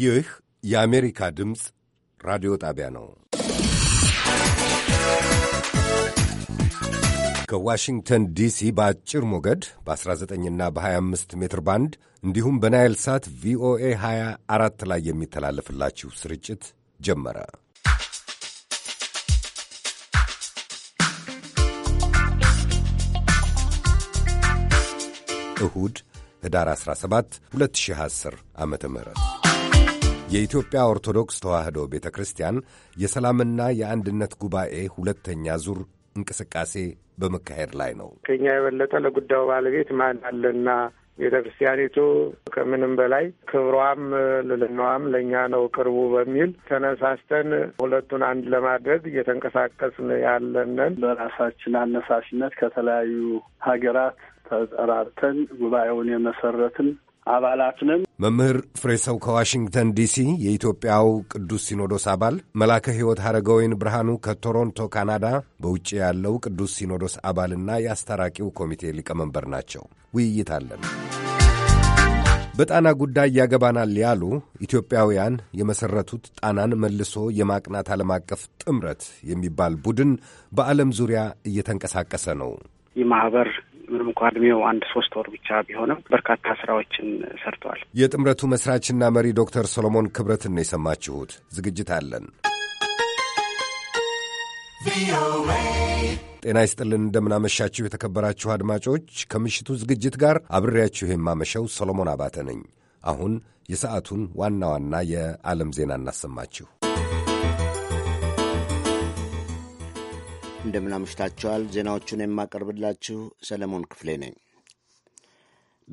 ይህ የአሜሪካ ድምፅ ራዲዮ ጣቢያ ነው። ከዋሽንግተን ዲሲ በአጭር ሞገድ በ19ና በ25 ሜትር ባንድ እንዲሁም በናይል ሳት ቪኦኤ 24 ላይ የሚተላለፍላችሁ ስርጭት ጀመረ። እሁድ ህዳር 17 2010 ዓ ም የኢትዮጵያ ኦርቶዶክስ ተዋሕዶ ቤተ ክርስቲያን የሰላምና የአንድነት ጉባኤ ሁለተኛ ዙር እንቅስቃሴ በመካሄድ ላይ ነው። ከኛ የበለጠ ለጉዳዩ ባለቤት ማን አለና ቤተ ክርስቲያኒቱ ከምንም በላይ ክብሯም ልዕልናዋም ለእኛ ነው ቅርቡ በሚል ተነሳስተን ሁለቱን አንድ ለማድረግ እየተንቀሳቀስን ያለንን በራሳችን አነሳሽነት ከተለያዩ ሀገራት ተጠራርተን ጉባኤውን የመሰረትን አባላትንም መምህር ፍሬሰው ከዋሽንግተን ዲሲ፣ የኢትዮጵያው ቅዱስ ሲኖዶስ አባል መላከ ሕይወት ሐረገወይን ብርሃኑ ከቶሮንቶ ካናዳ፣ በውጭ ያለው ቅዱስ ሲኖዶስ አባልና የአስታራቂው ኮሚቴ ሊቀመንበር ናቸው። ውይይት አለን። በጣና ጉዳይ ያገባናል ያሉ ኢትዮጵያውያን የመሠረቱት ጣናን መልሶ የማቅናት ዓለም አቀፍ ጥምረት የሚባል ቡድን በዓለም ዙሪያ እየተንቀሳቀሰ ነው። ይህ ማኅበር ምንም እንኳ እድሜው አንድ ሶስት ወር ብቻ ቢሆንም በርካታ ስራዎችን ሰርተዋል። የጥምረቱ መስራችና መሪ ዶክተር ሶሎሞን ክብረትን ነው የሰማችሁት። ዝግጅት አለን። ጤና ይስጥልን፣ እንደምናመሻችሁ የተከበራችሁ አድማጮች። ከምሽቱ ዝግጅት ጋር አብሬያችሁ የማመሸው ሶሎሞን አባተ ነኝ። አሁን የሰዓቱን ዋና ዋና የዓለም ዜና እናሰማችሁ። እንደምናምሽታችኋል። ዜናዎቹን የማቀርብላችሁ ሰለሞን ክፍሌ ነኝ።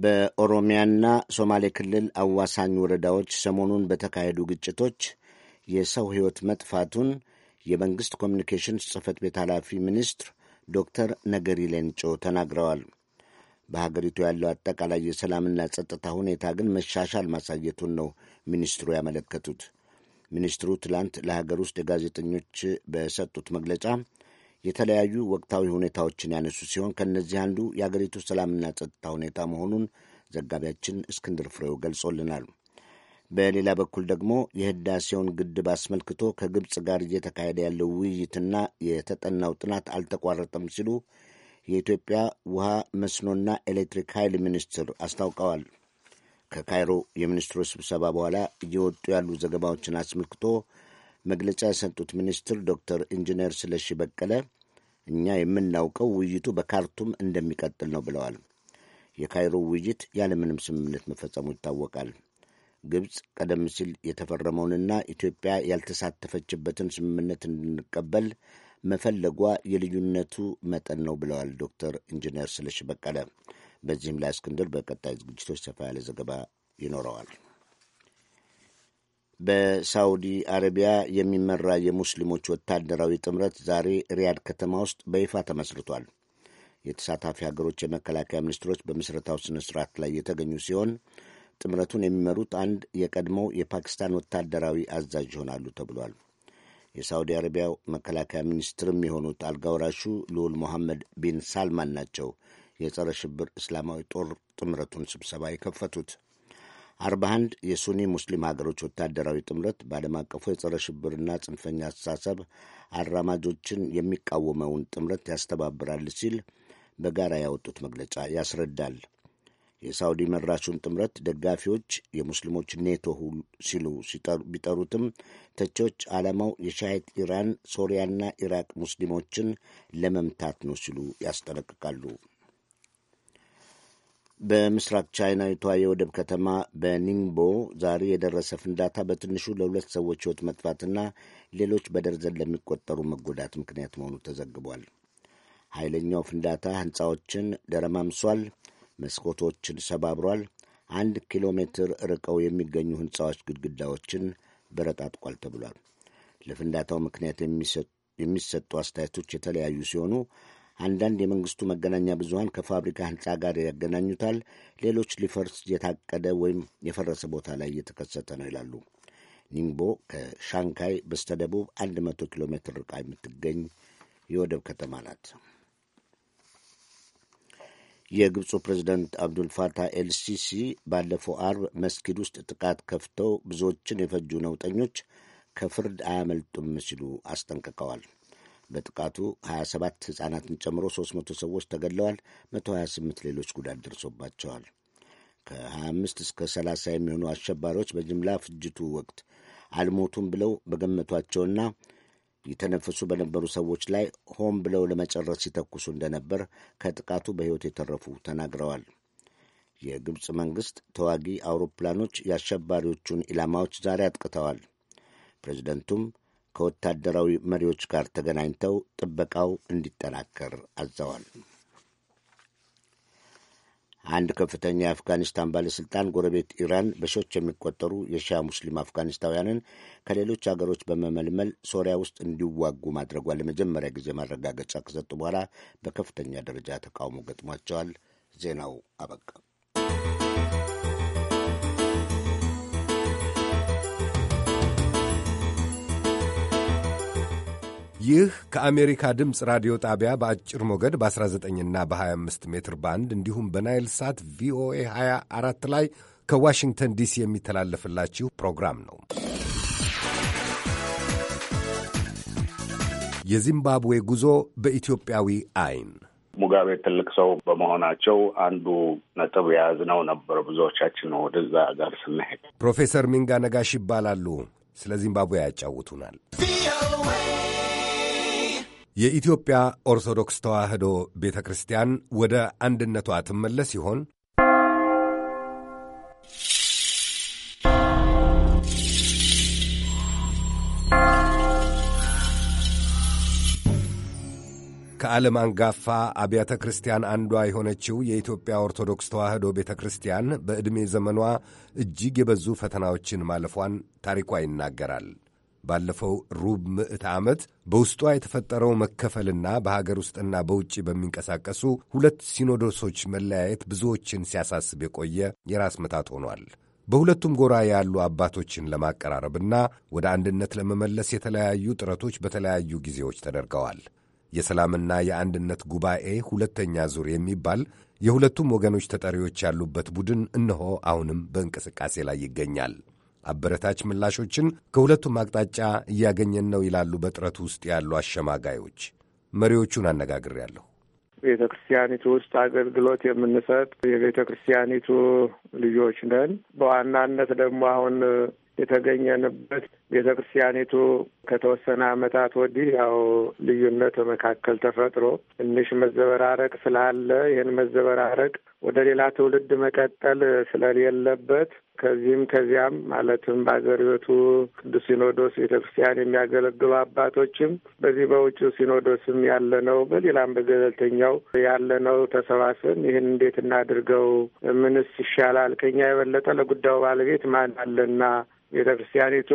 በኦሮሚያና ሶማሌ ክልል አዋሳኝ ወረዳዎች ሰሞኑን በተካሄዱ ግጭቶች የሰው ሕይወት መጥፋቱን የመንግሥት ኮሚኒኬሽንስ ጽሕፈት ቤት ኃላፊ ሚኒስትር ዶክተር ነገሪ ሌንጮ ተናግረዋል። በሀገሪቱ ያለው አጠቃላይ የሰላምና ጸጥታ ሁኔታ ግን መሻሻል ማሳየቱን ነው ሚኒስትሩ ያመለከቱት። ሚኒስትሩ ትላንት ለሀገር ውስጥ የጋዜጠኞች በሰጡት መግለጫ የተለያዩ ወቅታዊ ሁኔታዎችን ያነሱ ሲሆን ከእነዚህ አንዱ የአገሪቱ ሰላምና ጸጥታ ሁኔታ መሆኑን ዘጋቢያችን እስክንድር ፍሬው ገልጾልናል። በሌላ በኩል ደግሞ የህዳሴውን ግድብ አስመልክቶ ከግብፅ ጋር እየተካሄደ ያለው ውይይትና የተጠናው ጥናት አልተቋረጠም ሲሉ የኢትዮጵያ ውሃ መስኖና ኤሌክትሪክ ኃይል ሚኒስትር አስታውቀዋል። ከካይሮ የሚኒስትሮች ስብሰባ በኋላ እየወጡ ያሉ ዘገባዎችን አስመልክቶ መግለጫ የሰጡት ሚኒስትር ዶክተር ኢንጂነር ስለሺ በቀለ እኛ የምናውቀው ውይይቱ በካርቱም እንደሚቀጥል ነው ብለዋል። የካይሮ ውይይት ያለምንም ስምምነት መፈጸሙ ይታወቃል። ግብፅ ቀደም ሲል የተፈረመውንና ኢትዮጵያ ያልተሳተፈችበትን ስምምነት እንድንቀበል መፈለጓ የልዩነቱ መጠን ነው ብለዋል ዶክተር ኢንጂነር ስለሺ በቀለ። በዚህም ላይ እስክንድር በቀጣይ ዝግጅቶች ሰፋ ያለ ዘገባ ይኖረዋል። በሳውዲ አረቢያ የሚመራ የሙስሊሞች ወታደራዊ ጥምረት ዛሬ ሪያድ ከተማ ውስጥ በይፋ ተመስርቷል። የተሳታፊ ሀገሮች የመከላከያ ሚኒስትሮች በምስረታው ስነ ስርዓት ላይ የተገኙ ሲሆን ጥምረቱን የሚመሩት አንድ የቀድሞው የፓኪስታን ወታደራዊ አዛዥ ይሆናሉ ተብሏል። የሳውዲ አረቢያው መከላከያ ሚኒስትርም የሆኑት አልጋውራሹ ልዑል ሞሐመድ ቢን ሳልማን ናቸው የጸረ ሽብር እስላማዊ ጦር ጥምረቱን ስብሰባ የከፈቱት። አርባ አንድ የሱኒ ሙስሊም ሀገሮች ወታደራዊ ጥምረት በዓለም አቀፉ የጸረ ሽብርና ጽንፈኛ አስተሳሰብ አራማጆችን የሚቃወመውን ጥምረት ያስተባብራል ሲል በጋራ ያወጡት መግለጫ ያስረዳል። የሳውዲ መራሹን ጥምረት ደጋፊዎች የሙስሊሞች ኔቶ ሲሉ ቢጠሩትም ተቺዎች ዓላማው የሻሂት ኢራን፣ ሶሪያና ኢራቅ ሙስሊሞችን ለመምታት ነው ሲሉ ያስጠነቅቃሉ። በምስራቅ ቻይናዊቷ የወደብ ከተማ በኒንግቦ ዛሬ የደረሰ ፍንዳታ በትንሹ ለሁለት ሰዎች ሕይወት መጥፋትና ሌሎች በደርዘን ለሚቆጠሩ መጎዳት ምክንያት መሆኑ ተዘግቧል። ኃይለኛው ፍንዳታ ሕንፃዎችን ደረማምሷል፣ መስኮቶችን ሰባብሯል፣ አንድ ኪሎ ሜትር ርቀው የሚገኙ ሕንፃዎች ግድግዳዎችን በረጣጥቋል ተብሏል። ለፍንዳታው ምክንያት የሚሰጡ አስተያየቶች የተለያዩ ሲሆኑ አንዳንድ የመንግስቱ መገናኛ ብዙሀን ከፋብሪካ ህንፃ ጋር ያገናኙታል። ሌሎች ሊፈርስ የታቀደ ወይም የፈረሰ ቦታ ላይ እየተከሰተ ነው ይላሉ። ኒንግቦ ከሻንካይ በስተደቡብ 100 ኪሎ ሜትር ርቃ የምትገኝ የወደብ ከተማ ናት። የግብፁ ፕሬዚደንት አብዱልፋታህ ኤልሲሲ ባለፈው አርብ መስጊድ ውስጥ ጥቃት ከፍተው ብዙዎችን የፈጁ ነውጠኞች ከፍርድ አያመልጡም ሲሉ አስጠንቅቀዋል። በጥቃቱ 27 ሕፃናትን ጨምሮ 300 ሰዎች ተገድለዋል፣ 128 ሌሎች ጉዳት ደርሶባቸዋል። ከ25 እስከ 30 የሚሆኑ አሸባሪዎች በጅምላ ፍጅቱ ወቅት አልሞቱም ብለው በገመቷቸውና የተነፈሱ በነበሩ ሰዎች ላይ ሆን ብለው ለመጨረስ ሲተኩሱ እንደነበር ከጥቃቱ በሕይወት የተረፉ ተናግረዋል። የግብፅ መንግሥት ተዋጊ አውሮፕላኖች የአሸባሪዎቹን ኢላማዎች ዛሬ አጥቅተዋል። ፕሬዚደንቱም ከወታደራዊ መሪዎች ጋር ተገናኝተው ጥበቃው እንዲጠናከር አዘዋል። አንድ ከፍተኛ የአፍጋኒስታን ባለሥልጣን ጎረቤት ኢራን በሺዎች የሚቆጠሩ የሺያ ሙስሊም አፍጋኒስታውያንን ከሌሎች አገሮች በመመልመል ሶሪያ ውስጥ እንዲዋጉ ማድረጓ ለመጀመሪያ ጊዜ ማረጋገጫ ከሰጡ በኋላ በከፍተኛ ደረጃ ተቃውሞ ገጥሟቸዋል። ዜናው አበቃ። ይህ ከአሜሪካ ድምፅ ራዲዮ ጣቢያ በአጭር ሞገድ በ19ና በ25 ሜትር ባንድ እንዲሁም በናይል ሳት ቪኦኤ 24 ላይ ከዋሽንግተን ዲሲ የሚተላለፍላችሁ ፕሮግራም ነው። የዚምባብዌ ጉዞ በኢትዮጵያዊ አይን ሙጋቤ ትልቅ ሰው በመሆናቸው አንዱ ነጥብ የያዝነው ነበር። ብዙዎቻችን ነው ወደዛ ጋር ስናሄድ። ፕሮፌሰር ሚንጋ ነጋሽ ይባላሉ። ስለ ዚምባብዌ ያጫውቱናል። የኢትዮጵያ ኦርቶዶክስ ተዋሕዶ ቤተ ክርስቲያን ወደ አንድነቷ ትመለስ ይሆን? ከዓለም አንጋፋ አብያተ ክርስቲያን አንዷ የሆነችው የኢትዮጵያ ኦርቶዶክስ ተዋሕዶ ቤተ ክርስቲያን በዕድሜ ዘመኗ እጅግ የበዙ ፈተናዎችን ማለፏን ታሪኳ ይናገራል። ባለፈው ሩብ ምዕት ዓመት በውስጧ የተፈጠረው መከፈልና በሀገር ውስጥና በውጭ በሚንቀሳቀሱ ሁለት ሲኖዶሶች መለያየት ብዙዎችን ሲያሳስብ የቆየ የራስ ምታት ሆኗል። በሁለቱም ጎራ ያሉ አባቶችን ለማቀራረብና ወደ አንድነት ለመመለስ የተለያዩ ጥረቶች በተለያዩ ጊዜዎች ተደርገዋል። የሰላምና የአንድነት ጉባኤ ሁለተኛ ዙር የሚባል የሁለቱም ወገኖች ተጠሪዎች ያሉበት ቡድን እነሆ አሁንም በእንቅስቃሴ ላይ ይገኛል። አበረታች ምላሾችን ከሁለቱም አቅጣጫ እያገኘን ነው ይላሉ በጥረቱ ውስጥ ያሉ አሸማጋዮች። መሪዎቹን አነጋግሬያለሁ። ቤተ ክርስቲያኒቱ ውስጥ አገልግሎት የምንሰጥ የቤተ ክርስቲያኒቱ ልጆች ነን። በዋናነት ደግሞ አሁን የተገኘንበት ቤተ ክርስቲያኒቱ ከተወሰነ ዓመታት ወዲህ ያው ልዩነት መካከል ተፈጥሮ ትንሽ መዘበራረቅ ስላለ ይህን መዘበራረቅ ወደ ሌላ ትውልድ መቀጠል ስለሌለበት ከዚህም ከዚያም ማለትም በአገሪቱ ቅዱስ ሲኖዶስ ቤተ ክርስቲያን የሚያገለግሉ አባቶችም በዚህ በውጭ ሲኖዶስም ያለነው በሌላም በገለልተኛው ያለነው ተሰባስበን ይህን እንዴት እናድርገው? ምንስ ይሻላል? ከኛ የበለጠ ለጉዳዩ ባለቤት ማን አለና ቤተ ክርስቲያኒቱ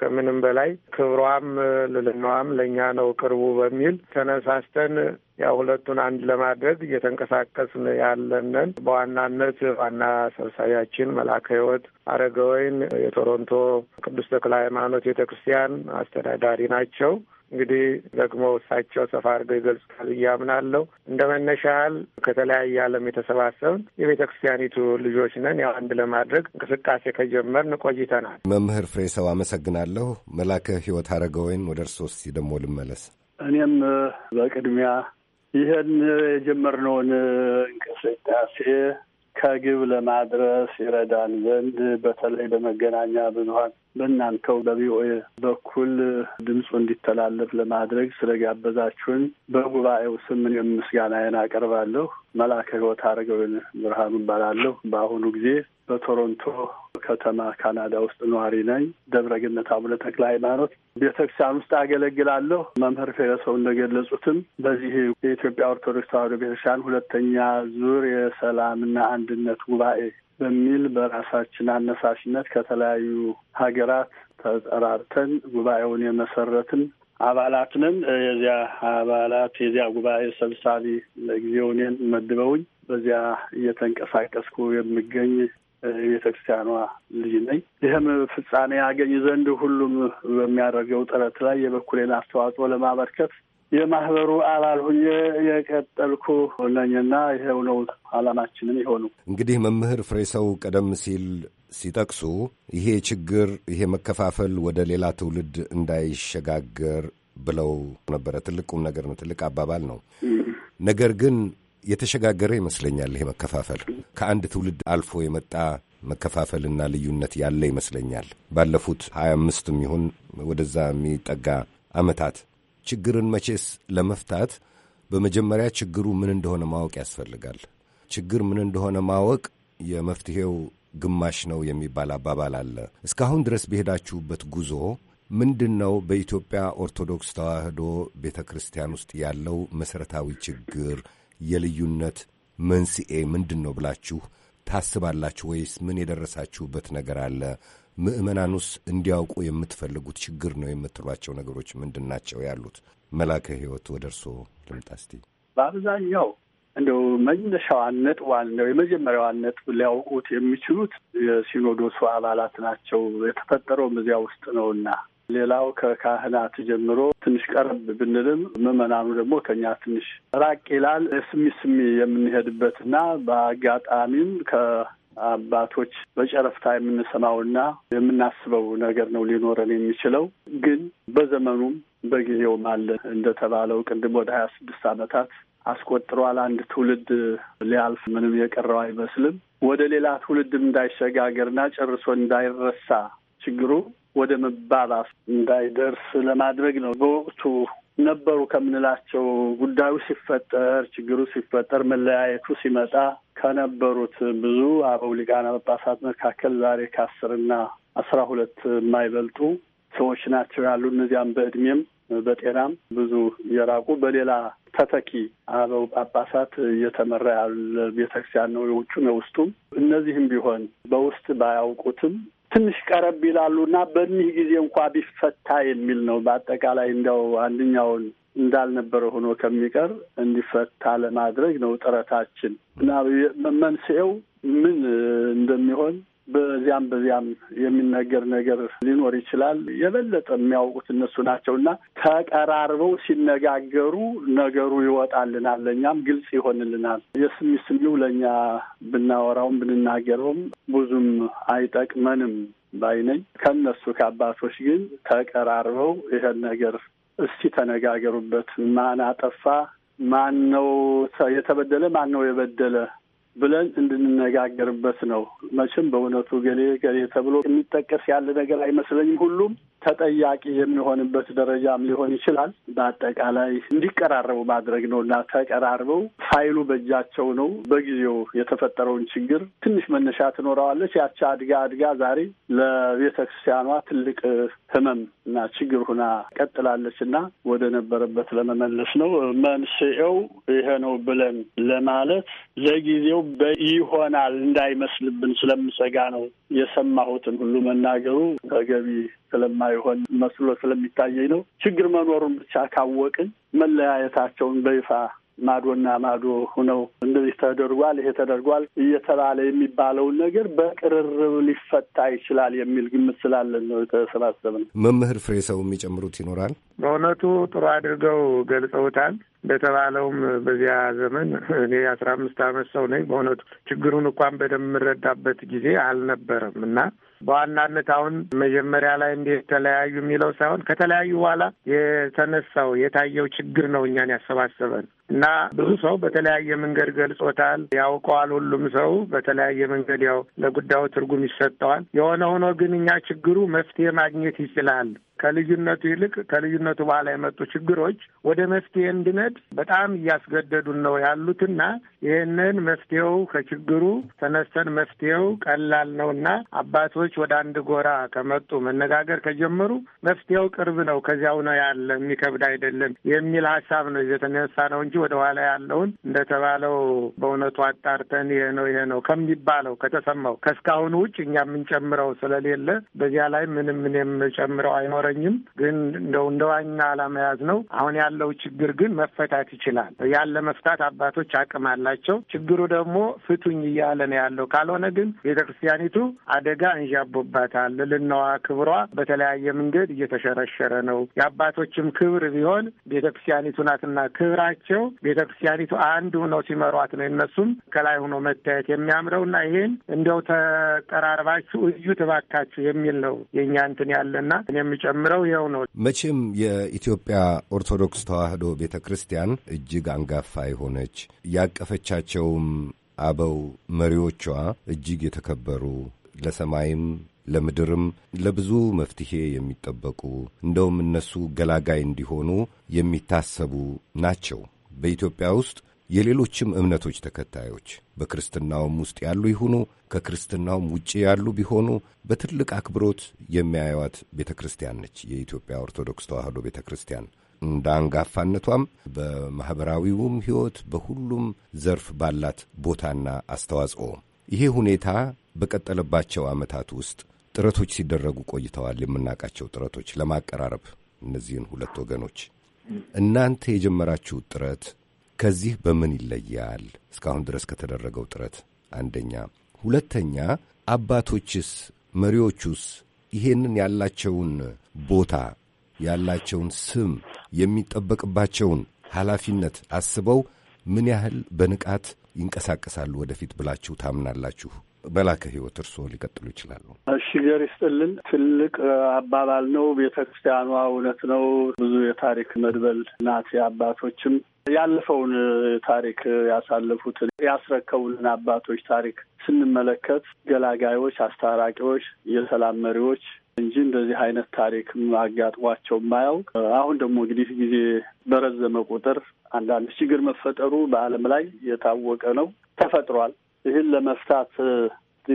ከምንም በላይ ክብሯም ልዕልናዋም ለእኛ ነው ቅርቡ በሚል ተነሳስተን ያው ሁለቱን አንድ ለማድረግ እየተንቀሳቀስን ያለንን በዋናነት ዋና ሰብሳቢያችን መላከ ሕይወት አረጋወይን የቶሮንቶ ቅዱስ ተክለ ሃይማኖት ቤተ ክርስቲያን አስተዳዳሪ ናቸው። እንግዲህ ደግሞ እሳቸው ሰፋ አድርገው ይገልጹታል ብዬ አምናለሁ። እንደ መነሻል ከተለያየ ዓለም የተሰባሰብን የቤተ ክርስቲያኒቱ ልጆች ነን። ያው አንድ ለማድረግ እንቅስቃሴ ከጀመርን ቆይተናል። መምህር ፍሬ ሰው አመሰግናለሁ። መላከ ሕይወት አረገወይን ወደ እርሶ ደግሞ ልመለስ። እኔም በቅድሚያ ይህን የጀመርነውን እንቅስቃሴ ከግብ ለማድረስ ይረዳን ዘንድ በተለይ በመገናኛ ብዙኃን በእናንተው በቪኦኤ በኩል ድምፁ እንዲተላለፍ ለማድረግ ስለጋበዛችሁን በጉባኤው ስም እኔም ምስጋናዬን አቀርባለሁ። መላከ ሕይወት አድርገውን ብርሃኑ እባላለሁ። በአሁኑ ጊዜ በቶሮንቶ ከተማ ካናዳ ውስጥ ነዋሪ ነኝ። ደብረ ገነት አቡነ ተክለ ሃይማኖት ቤተክርስቲያን ውስጥ አገለግላለሁ። መምህር ፌረሰው እንደገለጹትም በዚህ የኢትዮጵያ ኦርቶዶክስ ተዋሕዶ ቤተክርስቲያን ሁለተኛ ዙር የሰላምና አንድነት ጉባኤ በሚል በራሳችን አነሳሽነት ከተለያዩ ሀገራት ተጠራርተን ጉባኤውን የመሰረትን አባላት ነን። የዚያ አባላት የዚያ ጉባኤ ሰብሳቢ ጊዜውን መድበውኝ በዚያ እየተንቀሳቀስኩ የምገኝ የቤተክርስቲያኗ ልጅ ነኝ። ይህም ፍጻሜ ያገኝ ዘንድ ሁሉም በሚያደርገው ጥረት ላይ የበኩሌን አስተዋጽኦ ለማበርከት የማህበሩ አባል ሁኜ የቀጠልኩ ነኝና ይኸው ነው አላማችንም የሆኑ እንግዲህ መምህር ፍሬሰው ቀደም ሲል ሲጠቅሱ ይሄ ችግር ይሄ መከፋፈል ወደ ሌላ ትውልድ እንዳይሸጋገር ብለው ነበረ። ትልቅ ቁም ነገር ነው። ትልቅ አባባል ነው። ነገር ግን የተሸጋገረ ይመስለኛል። ይሄ መከፋፈል ከአንድ ትውልድ አልፎ የመጣ መከፋፈልና ልዩነት ያለ ይመስለኛል። ባለፉት ሀያ አምስትም ይሁን ወደዛ የሚጠጋ ዓመታት ችግርን መቼስ ለመፍታት በመጀመሪያ ችግሩ ምን እንደሆነ ማወቅ ያስፈልጋል። ችግር ምን እንደሆነ ማወቅ የመፍትሄው ግማሽ ነው የሚባል አባባል አለ። እስካሁን ድረስ በሄዳችሁበት ጉዞ ምንድን ነው በኢትዮጵያ ኦርቶዶክስ ተዋሕዶ ቤተ ክርስቲያን ውስጥ ያለው መሠረታዊ ችግር የልዩነት መንስኤ ምንድን ነው ብላችሁ ታስባላችሁ ወይስ ምን የደረሳችሁበት ነገር አለ? ምዕመናኑስ እንዲያውቁ የምትፈልጉት ችግር ነው የምትሏቸው ነገሮች ምንድን ናቸው ያሉት? መላከ ሕይወት ወደ እርስዎ ልምጣ እስቲ። በአብዛኛው እንደው መነሻዋን ነጥቧን ነው የመጀመሪያዋን ነጥብ ሊያውቁት የሚችሉት የሲኖዶሱ አባላት ናቸው። የተፈጠረውም እዚያ ውስጥ ነውና ሌላው ከካህናት ጀምሮ ትንሽ ቀረብ ብንልም ምዕመናኑ ደግሞ ከኛ ትንሽ ራቅ ይላል። ስሚ ስሚ የምንሄድበት እና በአጋጣሚም ከአባቶች በጨረፍታ የምንሰማውና የምናስበው ነገር ነው ሊኖረን የሚችለው ግን በዘመኑም በጊዜውም አለ እንደተባለው ቅድም ወደ ሀያ ስድስት አመታት አስቆጥሯል። አንድ ትውልድ ሊያልፍ ምንም የቀረው አይመስልም። ወደ ሌላ ትውልድም እንዳይሸጋገርና ጨርሶ እንዳይረሳ ችግሩ ወደ መባባስ እንዳይደርስ ለማድረግ ነው። በወቅቱ ነበሩ ከምንላቸው ጉዳዩ ሲፈጠር፣ ችግሩ ሲፈጠር፣ መለያየቱ ሲመጣ ከነበሩት ብዙ አበው ሊቃነ ጳጳሳት መካከል ዛሬ ከአስርና አስራ ሁለት የማይበልጡ ሰዎች ናቸው ያሉ እነዚያም በእድሜም በጤናም ብዙ የራቁ በሌላ ተተኪ አበው ጳጳሳት እየተመራ ያለ ቤተክርስቲያን ነው የውጩም የውስጡም። እነዚህም ቢሆን በውስጥ ባያውቁትም ትንሽ ቀረብ ይላሉ እና በኒህ ጊዜ እንኳ ቢፈታ የሚል ነው። በአጠቃላይ እንደው አንደኛውን እንዳልነበረ ሆኖ ከሚቀር እንዲፈታ ለማድረግ ነው ጥረታችን እና መንስኤው ምን እንደሚሆን በዚያም በዚያም የሚነገር ነገር ሊኖር ይችላል። የበለጠ የሚያውቁት እነሱ ናቸው እና ተቀራርበው ሲነጋገሩ ነገሩ ይወጣልናል፣ ለእኛም ግልጽ ይሆንልናል። የስሚ ስሚው ለእኛ ብናወራውም ብንናገረውም ብዙም አይጠቅመንም ባይነኝ ከነሱ ከአባቶች ግን ተቀራርበው ይሄን ነገር እስቲ ተነጋገሩበት። ማን አጠፋ? ማን ነው የተበደለ? ማን ነው የበደለ? ብለን እንድንነጋገርበት ነው። መቼም በእውነቱ ገሌ ገሌ ተብሎ የሚጠቀስ ያለ ነገር አይመስለኝም። ሁሉም ተጠያቂ የሚሆንበት ደረጃም ሊሆን ይችላል። በአጠቃላይ እንዲቀራረቡ ማድረግ ነው እና ተቀራርበው ፋይሉ በእጃቸው ነው። በጊዜው የተፈጠረውን ችግር ትንሽ መነሻ ትኖረዋለች። ያቺ አድጋ አድጋ ዛሬ ለቤተ ክርስቲያኗ ትልቅ ህመም እና ችግር ሁና ቀጥላለች እና ወደ ነበረበት ለመመለስ ነው መንስኤው ይሄ ነው ብለን ለማለት ለጊዜው ይሆናል እንዳይመስልብን ስለምሰጋ ነው። የሰማሁትን ሁሉ መናገሩ ተገቢ ስለማይሆን መስሎ ስለሚታየኝ ነው። ችግር መኖሩን ብቻ ካወቅን መለያየታቸውን በይፋ ማዶና ማዶ ሁነው እንደዚህ ተደርጓል፣ ይሄ ተደርጓል እየተባለ የሚባለውን ነገር በቅርርብ ሊፈታ ይችላል የሚል ግምት ስላለን ነው የተሰባሰብነው። መምህር ፍሬ ሰው የሚጨምሩት ይኖራል። በእውነቱ ጥሩ አድርገው ገልጸውታል። እንደተባለውም በዚያ ዘመን እኔ አስራ አምስት ዓመት ሰው ነኝ። በእውነቱ ችግሩን እንኳን በደንብ የምረዳበት ጊዜ አልነበረም እና በዋናነት አሁን መጀመሪያ ላይ እንዴት ተለያዩ የሚለው ሳይሆን ከተለያዩ በኋላ የተነሳው የታየው ችግር ነው እኛን ያሰባሰበን። እና ብዙ ሰው በተለያየ መንገድ ገልጾታል። ያውቀዋል። ሁሉም ሰው በተለያየ መንገድ ያው ለጉዳዩ ትርጉም ይሰጠዋል። የሆነ ሆኖ ግን እኛ ችግሩ መፍትሄ ማግኘት ይችላል። ከልዩነቱ ይልቅ ከልዩነቱ በኋላ የመጡ ችግሮች ወደ መፍትሄ እንድነድ በጣም እያስገደዱን ነው ያሉትና ይህንን መፍትሄው ከችግሩ ተነስተን መፍትሄው ቀላል ነውና አባቶች ወደ አንድ ጎራ ከመጡ መነጋገር ከጀመሩ መፍትሄው ቅርብ ነው፣ ከዚያው ነው ያለ፣ የሚከብድ አይደለም የሚል ሀሳብ ነው የተነሳ ነው እንጂ ኋላ ያለውን እንደተባለው በእውነቱ አጣርተን ይሄ ነው ይሄ ነው ከሚባለው ከተሰማው ከእስካሁን ውጭ እኛ የምንጨምረው ስለሌለ በዚያ ላይ ምንም ምን የምጨምረው አይኖረኝም። ግን እንደው እንደ ዋና አላመያዝ ያዝ ነው። አሁን ያለው ችግር ግን መፈታት ይችላል። ያለ መፍታት አባቶች አቅም አላቸው። ችግሩ ደግሞ ፍቱኝ እያለ ነው ያለው። ካልሆነ ግን ቤተ ክርስቲያኒቱ አደጋ እንዣቦባታል። ልዕልናዋ፣ ክብሯ በተለያየ መንገድ እየተሸረሸረ ነው። የአባቶችም ክብር ቢሆን ቤተ ክርስቲያኒቱ ናትና ክብራቸው ነው። ቤተ ክርስቲያኒቱ አንድ ሆነው ሲመሯት ነው። እነሱም ከላይ ሆኖ መታየት የሚያምረው እና ይሄን እንደው ተቀራርባችሁ እዩ ትባካችሁ የሚል ነው የእኛ እንትን ያለና የሚጨምረው ይኸው ነው። መቼም የኢትዮጵያ ኦርቶዶክስ ተዋህዶ ቤተ ክርስቲያን እጅግ አንጋፋ የሆነች ያቀፈቻቸውም አበው መሪዎቿ እጅግ የተከበሩ ለሰማይም ለምድርም ለብዙ መፍትሄ የሚጠበቁ እንደውም እነሱ ገላጋይ እንዲሆኑ የሚታሰቡ ናቸው። በኢትዮጵያ ውስጥ የሌሎችም እምነቶች ተከታዮች በክርስትናውም ውስጥ ያሉ ይሁኑ ከክርስትናውም ውጭ ያሉ ቢሆኑ በትልቅ አክብሮት የሚያዩዋት ቤተ ክርስቲያን ነች የኢትዮጵያ ኦርቶዶክስ ተዋሕዶ ቤተ ክርስቲያን። እንደ አንጋፋነቷም በማኅበራዊውም ሕይወት በሁሉም ዘርፍ ባላት ቦታና አስተዋጽኦ ይሄ ሁኔታ በቀጠለባቸው ዓመታት ውስጥ ጥረቶች ሲደረጉ ቆይተዋል። የምናውቃቸው ጥረቶች ለማቀራረብ እነዚህን ሁለት ወገኖች እናንተ የጀመራችሁት ጥረት ከዚህ በምን ይለያል? እስካሁን ድረስ ከተደረገው ጥረት አንደኛ። ሁለተኛ አባቶችስ መሪዎቹስ ይሄንን ያላቸውን ቦታ ያላቸውን ስም የሚጠበቅባቸውን ኃላፊነት አስበው ምን ያህል በንቃት ይንቀሳቀሳሉ ወደፊት ብላችሁ ታምናላችሁ? በላከ ህይወት እርስዎ ሊቀጥሉ ይችላሉ። እሺ ገር ይስጥልን። ትልቅ አባባል ነው። ቤተ ክርስቲያኗ እውነት ነው ብዙ የታሪክ መድበል ናት። አባቶችም ያለፈውን ታሪክ ያሳለፉትን ያስረከቡልን አባቶች ታሪክ ስንመለከት ገላጋዮች፣ አስታራቂዎች፣ የሰላም መሪዎች እንጂ እንደዚህ አይነት ታሪክ አጋጥሟቸው የማያውቅ አሁን ደግሞ እንግዲህ ጊዜ በረዘመ ቁጥር አንዳንድ ችግር መፈጠሩ በዓለም ላይ የታወቀ ነው፣ ተፈጥሯል። ይህን ለመፍታት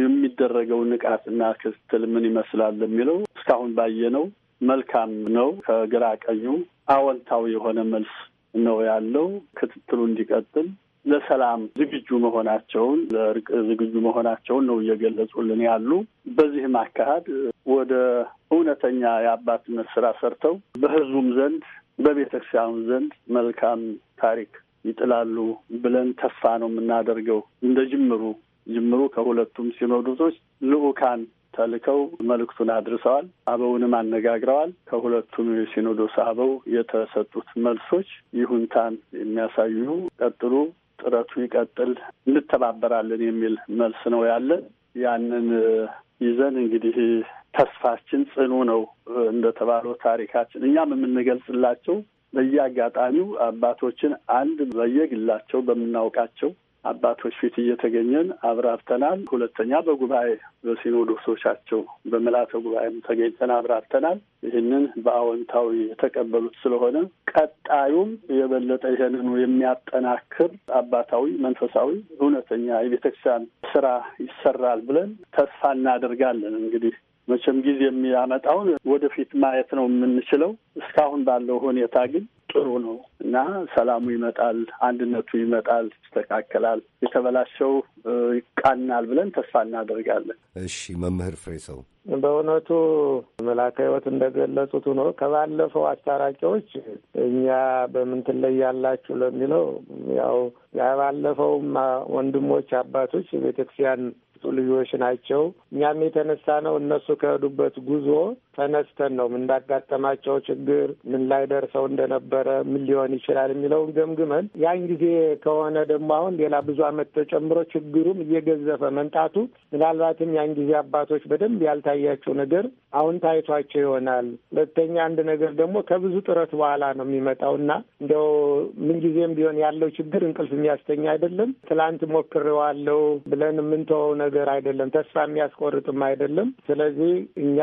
የሚደረገው ንቃትና ክትትል ምን ይመስላል የሚለው እስካሁን ባየነው መልካም ነው። ከግራ ቀኙ አዎንታዊ የሆነ መልስ ነው ያለው። ክትትሉ እንዲቀጥል ለሰላም ዝግጁ መሆናቸውን ለእርቅ ዝግጁ መሆናቸውን ነው እየገለጹልን ያሉ። በዚህም አካሄድ ወደ እውነተኛ የአባትነት ስራ ሰርተው በህዝቡም ዘንድ በቤተክርስቲያኑ ዘንድ መልካም ታሪክ ይጥላሉ ብለን ተስፋ ነው የምናደርገው። እንደ ጅምሩ ጅምሩ ከሁለቱም ሲኖዶሶች ልዑካን ተልከው መልእክቱን አድርሰዋል። አበውንም አነጋግረዋል። ከሁለቱም የሲኖዶስ አበው የተሰጡት መልሶች ይሁንታን የሚያሳዩ ቀጥሉ፣ ጥረቱ ይቀጥል፣ እንተባበራለን የሚል መልስ ነው ያለን። ያንን ይዘን እንግዲህ ተስፋችን ጽኑ ነው እንደተባለው ታሪካችን እኛም የምንገልጽላቸው በየአጋጣሚው አባቶችን አንድ በየግላቸው በምናውቃቸው አባቶች ፊት እየተገኘን አብራርተናል። ሁለተኛ በጉባኤ በሲኖዶሶቻቸው በመላተ ጉባኤም ተገኝተን አብራርተናል። ይህንን በአዎንታዊ የተቀበሉት ስለሆነ ቀጣዩም የበለጠ ይህንኑ የሚያጠናክር አባታዊ መንፈሳዊ እውነተኛ የቤተክርስቲያን ስራ ይሰራል ብለን ተስፋ እናደርጋለን። እንግዲህ መቼም ጊዜ የሚያመጣውን ወደፊት ማየት ነው የምንችለው። እስካሁን ባለው ሁኔታ ግን ጥሩ ነው እና ሰላሙ ይመጣል፣ አንድነቱ ይመጣል፣ ይስተካከላል፣ የተበላሸው ይቃናል ብለን ተስፋ እናደርጋለን። እሺ መምህር ፍሬ ሰው በእውነቱ መላከ ሕይወት እንደገለጹት ሆኖ ከባለፈው አስታራቂዎች እኛ በምን ትለያላችሁ ለሚለው ያው ያባለፈውም ወንድሞች አባቶች ቤተክርስቲያን ልጆች ናቸው። እኛም የተነሳ ነው እነሱ ከሄዱበት ጉዞ ተነስተን ነው እንዳጋጠማቸው ችግር ምን ላይ ደርሰው እንደነበረ ምን ሊሆን ይችላል የሚለውን ገምግመን ያን ጊዜ ከሆነ ደግሞ አሁን ሌላ ብዙ ዓመት ተጨምሮ ችግሩም እየገዘፈ መምጣቱ ምናልባትም ያን ጊዜ አባቶች በደንብ ያልታያቸው ነገር አሁን ታይቷቸው ይሆናል። ሁለተኛ አንድ ነገር ደግሞ ከብዙ ጥረት በኋላ ነው የሚመጣው እና እንደው ምንጊዜም ቢሆን ያለው ችግር እንቅልፍ የሚያስተኛ አይደለም። ትላንት ሞክሬዋለሁ ብለን የምንተወው ነገር አይደለም፣ ተስፋ የሚያስቆርጥም አይደለም። ስለዚህ እኛ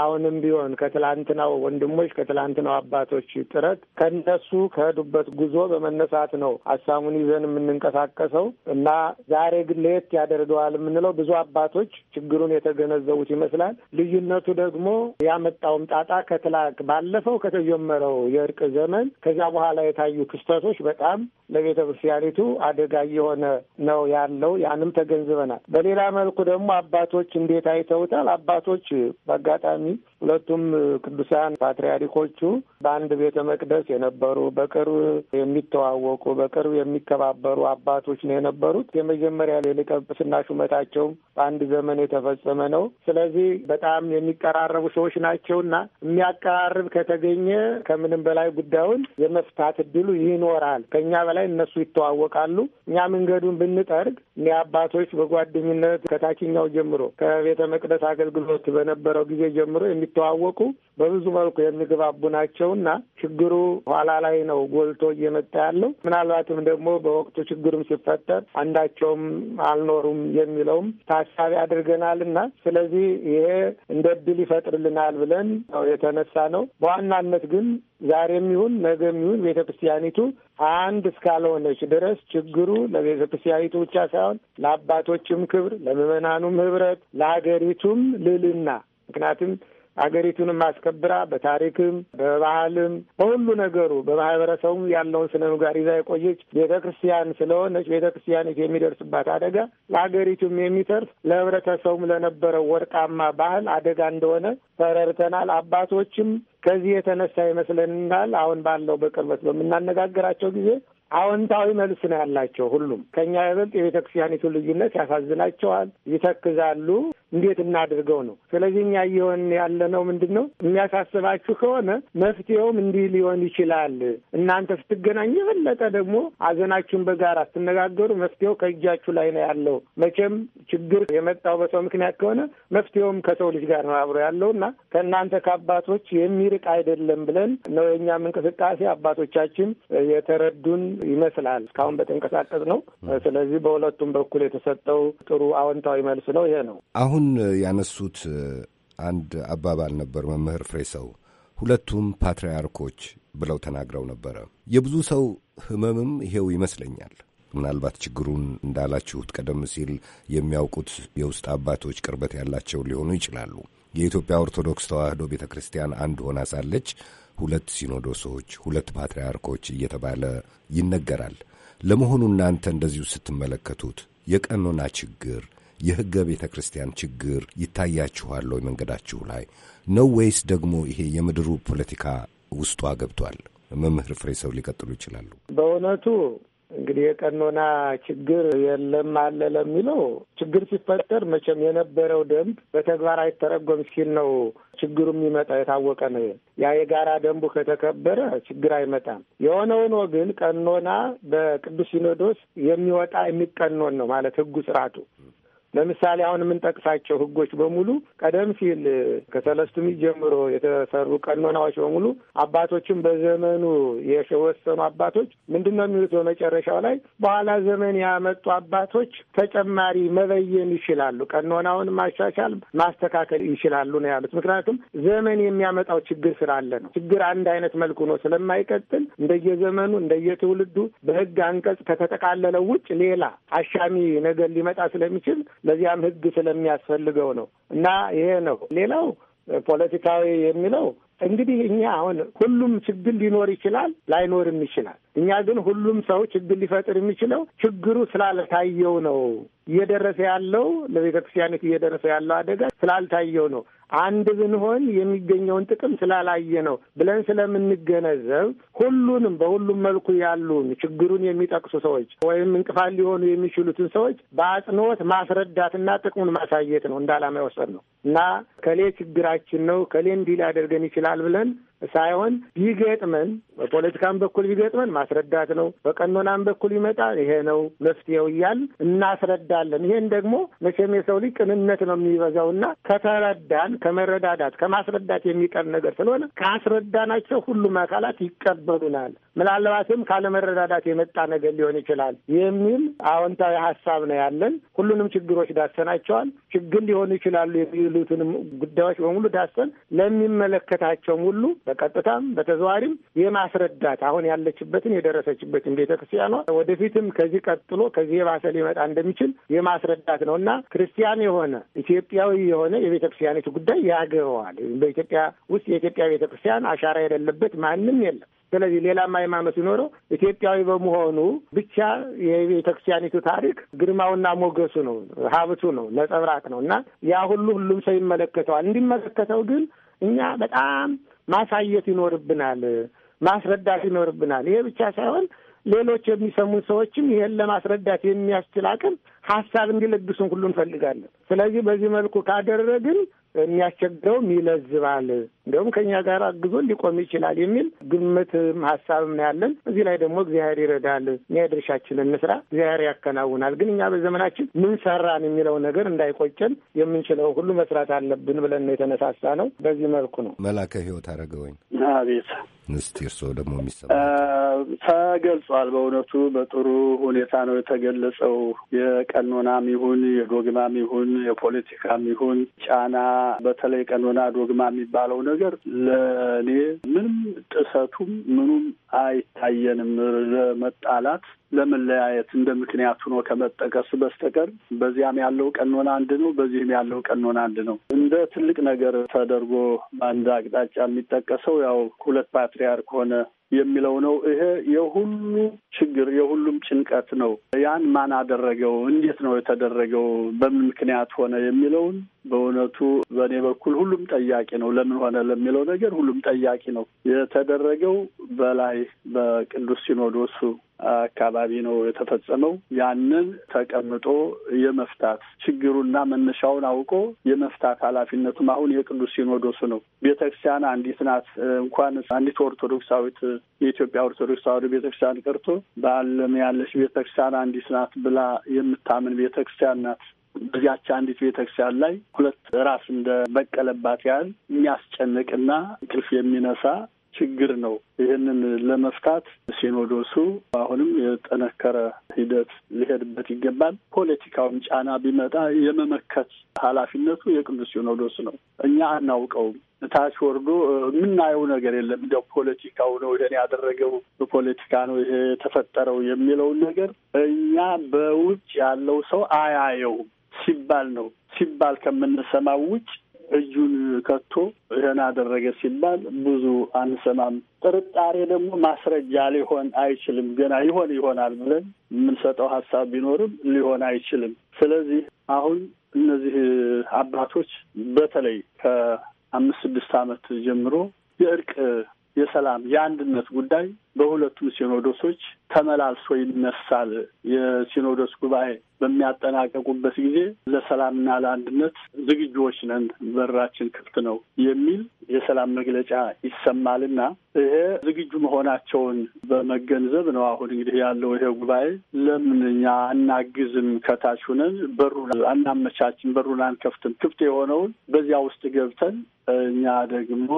አሁንም ቢሆን ከትላንትናው ወንድሞች ከትላንትናው አባቶች ጥረት ከነሱ ከሄዱበት ጉዞ በመነሳት ነው ሀሳቡን ይዘን የምንንቀሳቀሰው እና ዛሬ ግን ለየት ያደርገዋል የምንለው ብዙ አባቶች ችግሩን የተገነዘቡት ይመስላል። ልዩነቱ ደግሞ ያመጣውም ጣጣ ከትላ ባለፈው ከተጀመረው የእርቅ ዘመን ከዚያ በኋላ የታዩ ክስተቶች በጣም ለቤተ ክርስቲያኒቱ አደጋ እየሆነ ነው ያለው። ያንም ተገንዝበናል። በሌላ በሌላ መልኩ ደግሞ አባቶች እንዴት አይተውታል? አባቶች በአጋጣሚ ሁለቱም ቅዱሳን ፓትርያርኮቹ በአንድ ቤተ መቅደስ የነበሩ በቅርብ የሚተዋወቁ በቅርብ የሚከባበሩ አባቶች ነው የነበሩት። የመጀመሪያ የሊቀ ጵጵስና ሹመታቸውም በአንድ ዘመን የተፈጸመ ነው። ስለዚህ በጣም የሚቀራረቡ ሰዎች ናቸውና የሚያቀራርብ ከተገኘ ከምንም በላይ ጉዳዩን የመፍታት እድሉ ይኖራል። ከእኛ በላይ እነሱ ይተዋወቃሉ። እኛ መንገዱን ብንጠርግ እኔ አባቶች በጓደኝነት ከታችኛው ጀምሮ ከቤተ መቅደስ አገልግሎት በነበረው ጊዜ ጀምሮ የሚተዋወቁ በብዙ መልኩ የሚግባቡ እና ችግሩ ኋላ ላይ ነው ጎልቶ እየመጣ ያለው። ምናልባትም ደግሞ በወቅቱ ችግሩም ሲፈጠር አንዳቸውም አልኖሩም የሚለውም ታሳቢ አድርገናል ና ስለዚህ ይሄ እንደ እድል ይፈጥርልናል ብለን የተነሳ ነው። በዋናነት ግን ዛሬም ይሁን ነገም ይሁን ቤተ ክርስቲያኒቱ አንድ እስካልሆነች ድረስ ችግሩ ለቤተ ክርስቲያኒቱ ብቻ ሳይሆን ለአባቶችም ክብር፣ ለምዕመናኑም ህብረት፣ ለሀገሪቱም ልዕልና ምክንያቱም አገሪቱንም አስከብራ በታሪክም በባህልም በሁሉ ነገሩ በማህበረሰቡም ያለውን ስነ ምግባር ይዛ የቆየች ቤተ ክርስቲያን ስለሆነች ቤተ ክርስቲያኒቱ የሚደርስባት አደጋ ለአገሪቱም የሚተርፍ ለህብረተሰቡም ለነበረው ወርቃማ ባህል አደጋ እንደሆነ ተረድተናል። አባቶችም ከዚህ የተነሳ ይመስለናል አሁን ባለው በቅርበት በምናነጋግራቸው ጊዜ አዎንታዊ መልስ ነው ያላቸው። ሁሉም ከእኛ ይበልጥ የቤተ ክርስቲያኒቱን ልዩነት ያሳዝናቸዋል፣ ይተክዛሉ። እንዴት እናድርገው ነው። ስለዚህ እኛ እየሆን ያለ ነው ምንድን ነው የሚያሳስባችሁ ከሆነ መፍትሄውም እንዲህ ሊሆን ይችላል። እናንተ ስትገናኙ የበለጠ ደግሞ አዘናችሁን በጋራ ስትነጋገሩ መፍትሄው ከእጃችሁ ላይ ነው ያለው። መቼም ችግር የመጣው በሰው ምክንያት ከሆነ መፍትሄውም ከሰው ልጅ ጋር ነው አብሮ ያለው እና ከእናንተ ከአባቶች የሚርቅ አይደለም ብለን ነው የእኛም እንቅስቃሴ አባቶቻችን የተረዱን ይመስላል እስካሁን በተንቀሳቀስ ነው። ስለዚህ በሁለቱም በኩል የተሰጠው ጥሩ አዎንታዊ መልስ ነው። ይሄ ነው አሁን አሁን ያነሱት አንድ አባባል ነበር መምህር ፍሬ ሰው ሁለቱም ፓትርያርኮች ብለው ተናግረው ነበረ። የብዙ ሰው ህመምም ይሄው ይመስለኛል። ምናልባት ችግሩን እንዳላችሁት ቀደም ሲል የሚያውቁት የውስጥ አባቶች ቅርበት ያላቸው ሊሆኑ ይችላሉ። የኢትዮጵያ ኦርቶዶክስ ተዋሕዶ ቤተ ክርስቲያን አንድ ሆና ሳለች ሁለት ሲኖዶሶች፣ ሁለት ፓትርያርኮች እየተባለ ይነገራል። ለመሆኑ እናንተ እንደዚሁ ስትመለከቱት የቀኖና ችግር የሕገ ቤተ ክርስቲያን ችግር ይታያችኋል ወይ መንገዳችሁ ላይ ነው ወይስ ደግሞ ይሄ የምድሩ ፖለቲካ ውስጧ ገብቷል? መምህር ፍሬ ሰው ሊቀጥሉ ይችላሉ። በእውነቱ እንግዲህ የቀኖና ችግር የለም አለ ለሚለው ችግር ሲፈጠር መቼም የነበረው ደንብ በተግባር አይተረጎም ሲል ነው ችግሩ የሚመጣ የታወቀ ነው። ያ የጋራ ደንቡ ከተከበረ ችግር አይመጣም። የሆነ ሆኖ ግን ቀኖና በቅዱስ ሲኖዶስ የሚወጣ የሚቀኖን ነው ማለት ህጉ፣ ስርዓቱ ለምሳሌ አሁን የምንጠቅሳቸው ህጎች በሙሉ ቀደም ሲል ከሰለስቱ ጀምሮ የተሰሩ ቀኖናዎች በሙሉ አባቶችም በዘመኑ የወሰኑ አባቶች ምንድን ነው የሚሉት? በመጨረሻው ላይ በኋላ ዘመን ያመጡ አባቶች ተጨማሪ መበየን ይችላሉ፣ ቀኖናውን ማሻሻል ማስተካከል ይችላሉ ነው ያሉት። ምክንያቱም ዘመን የሚያመጣው ችግር ስላለ ነው። ችግር አንድ አይነት መልኩ ነው ስለማይቀጥል እንደየዘመኑ እንደየትውልዱ በህግ አንቀጽ ከተጠቃለለው ውጭ ሌላ አሻሚ ነገር ሊመጣ ስለሚችል ለዚያም ህግ ስለሚያስፈልገው ነው እና ይሄ ነው። ሌላው ፖለቲካዊ የሚለው እንግዲህ እኛ አሁን ሁሉም ችግር ሊኖር ይችላል፣ ላይኖርም ይችላል። እኛ ግን ሁሉም ሰው ችግር ሊፈጥር የሚችለው ችግሩ ስላልታየው ነው። እየደረሰ ያለው ለቤተ ክርስቲያኒቱ እየደረሰ ያለው አደጋ ስላልታየው ነው። አንድ ብንሆን የሚገኘውን ጥቅም ስላላየ ነው ብለን ስለምንገነዘብ ሁሉንም በሁሉም መልኩ ያሉን ችግሩን የሚጠቅሱ ሰዎች ወይም እንቅፋት ሊሆኑ የሚችሉትን ሰዎች በአጽንኦት ማስረዳትና ጥቅሙን ማሳየት ነው እንዳላማ የወሰድ ነው እና ከሌ ችግራችን ነው ከሌ እንዲህ ሊያደርገን ይችላል ይሆናል ብለን ሳይሆን ቢገጥመን በፖለቲካም በኩል ቢገጥመን ማስረዳት ነው። በቀኖናም በኩል ይመጣ ይሄ ነው መፍትሄው እያል እናስረዳለን። ይሄን ደግሞ መቼም የሰው ልጅ ቅንነት ነው የሚበዛው ና ከተረዳን ከመረዳዳት ከማስረዳት የሚቀር ነገር ስለሆነ ካስረዳናቸው ሁሉም አካላት ይቀበሉናል። ምናልባትም ካለመረዳዳት የመጣ ነገር ሊሆን ይችላል የሚል አዎንታዊ ሀሳብ ነው ያለን። ሁሉንም ችግሮች ዳሰናቸዋል። ችግር ሊሆኑ ይችላሉ የሚሉትንም ጉዳዮች በሙሉ ዳሰን ለሚመለከታቸውም ሁሉ በቀጥታም በተዘዋሪም የማስረዳት አሁን ያለችበትን የደረሰችበትን ቤተክርስቲያኗ ወደፊትም ከዚህ ቀጥሎ ከዚህ የባሰ ሊመጣ እንደሚችል የማስረዳት ነው እና ክርስቲያን የሆነ ኢትዮጵያዊ የሆነ የቤተክርስቲያኒቱ ጉዳይ ያገባዋል። በኢትዮጵያ ውስጥ የኢትዮጵያ ቤተክርስቲያን አሻራ የሌለበት ማንም የለም። ስለዚህ ሌላም ሃይማኖት ሲኖረው ኢትዮጵያዊ በመሆኑ ብቻ የቤተክርስቲያኒቱ ታሪክ ግርማውና ሞገሱ ነው፣ ሀብቱ ነው፣ ነጸብራቅ ነው እና ያ ሁሉ ሁሉም ሰው ይመለከተዋል። እንዲመለከተው ግን እኛ በጣም ማሳየት ይኖርብናል፣ ማስረዳት ይኖርብናል። ይሄ ብቻ ሳይሆን ሌሎች የሚሰሙን ሰዎችም ይሄን ለማስረዳት የሚያስችል አቅም ሀሳብ እንዲለግሱን ሁሉ እንፈልጋለን። ስለዚህ በዚህ መልኩ ካደረግን የሚያስቸግረውም ይለዝባል እንዲሁም ከኛ ጋር አግዞ ሊቆም ይችላል የሚል ግምትም ሀሳብም ነው ያለን። እዚህ ላይ ደግሞ እግዚአብሔር ይረዳል፣ እኛ የድርሻችንን እንስራ፣ እግዚአብሔር ያከናውናል። ግን እኛ በዘመናችን ምን ሰራን የሚለው ነገር እንዳይቆጨን የምንችለው ሁሉ መስራት አለብን ብለን ነው የተነሳሳ ነው። በዚህ መልኩ ነው መላከ ህይወት አረገወኝ። አቤት እስቲ እርስዎ ደግሞ የሚሰማ ተገልጿል። በእውነቱ በጥሩ ሁኔታ ነው የተገለጸው። የቀኖናም ይሁን የዶግማም ይሁን የፖለቲካም ይሁን ጫና፣ በተለይ ቀኖና ዶግማ የሚባለው ነገር ነገር ለእኔ ምንም ጥሰቱም ምኑም አይታየንም። መጣላት ለመለያየት እንደ ምክንያት ሆኖ ከመጠቀስ በስተቀር በዚያም ያለው ቀኖና አንድ ነው፣ በዚህም ያለው ቀኖና አንድ ነው። እንደ ትልቅ ነገር ተደርጎ በአንድ አቅጣጫ የሚጠቀሰው ያው ሁለት ፓትርያርክ ሆነ የሚለው ነው። ይሄ የሁሉ ችግር የሁሉም ጭንቀት ነው። ያን ማን አደረገው፣ እንዴት ነው የተደረገው፣ በምን ምክንያት ሆነ የሚለውን በእውነቱ በእኔ በኩል ሁሉም ጠያቂ ነው። ለምን ሆነ ለሚለው ነገር ሁሉም ጠያቂ ነው። የተደረገው በላይ በቅዱስ ሲኖዶሱ አካባቢ ነው የተፈጸመው። ያንን ተቀምጦ የመፍታት ችግሩና መነሻውን አውቆ የመፍታት ኃላፊነቱም አሁን የቅዱስ ሲኖዶሱ ነው። ቤተክርስቲያን አንዲት ናት። እንኳን አንዲት ኦርቶዶክሳዊት የኢትዮጵያ ኦርቶዶክስ ተዋህዶ ቤተክርስቲያን ቀርቶ በዓለም ያለች ቤተክርስቲያን አንዲት ናት ብላ የምታምን ቤተክርስቲያን ናት። በዚያች አንዲት ቤተክርስቲያን ላይ ሁለት ራስ እንደ በቀለባት ያህል የሚያስጨንቅና እንቅልፍ የሚነሳ ችግር ነው። ይህንን ለመፍታት ሲኖዶሱ አሁንም የጠነከረ ሂደት ሊሄድበት ይገባል። ፖለቲካውን ጫና ቢመጣ የመመከት ኃላፊነቱ የቅዱስ ሲኖዶስ ነው። እኛ አናውቀውም። እታች ወርዶ የምናየው ነገር የለም። እንደው ፖለቲካው ነው ይሄን ያደረገው ፖለቲካ ነው ይሄ የተፈጠረው የሚለውን ነገር እኛ በውጭ ያለው ሰው አያየውም ሲባል ነው ሲባል ከምንሰማው ውጭ እጁን ከቶ ይህን አደረገ ሲባል ብዙ አንሰማም። ጥርጣሬ ደግሞ ማስረጃ ሊሆን አይችልም። ገና ይሆን ይሆናል ብለን የምንሰጠው ሀሳብ ቢኖርም ሊሆን አይችልም። ስለዚህ አሁን እነዚህ አባቶች በተለይ ከአምስት ስድስት ዓመት ጀምሮ የእርቅ የሰላም የአንድነት ጉዳይ በሁለቱም ሲኖዶሶች ተመላልሶ ይነሳል። የሲኖዶስ ጉባኤ በሚያጠናቀቁበት ጊዜ ለሰላምና ለአንድነት ዝግጁዎች ነን፣ በራችን ክፍት ነው የሚል የሰላም መግለጫ ይሰማልና ይሄ ዝግጁ መሆናቸውን በመገንዘብ ነው። አሁን እንግዲህ ያለው ይሄ ጉባኤ ለምን እኛ አናግዝም? ከታች ሁነን በሩን አናመቻችን፣ በሩን አንከፍትም? ክፍት የሆነውን በዚያ ውስጥ ገብተን እኛ ደግሞ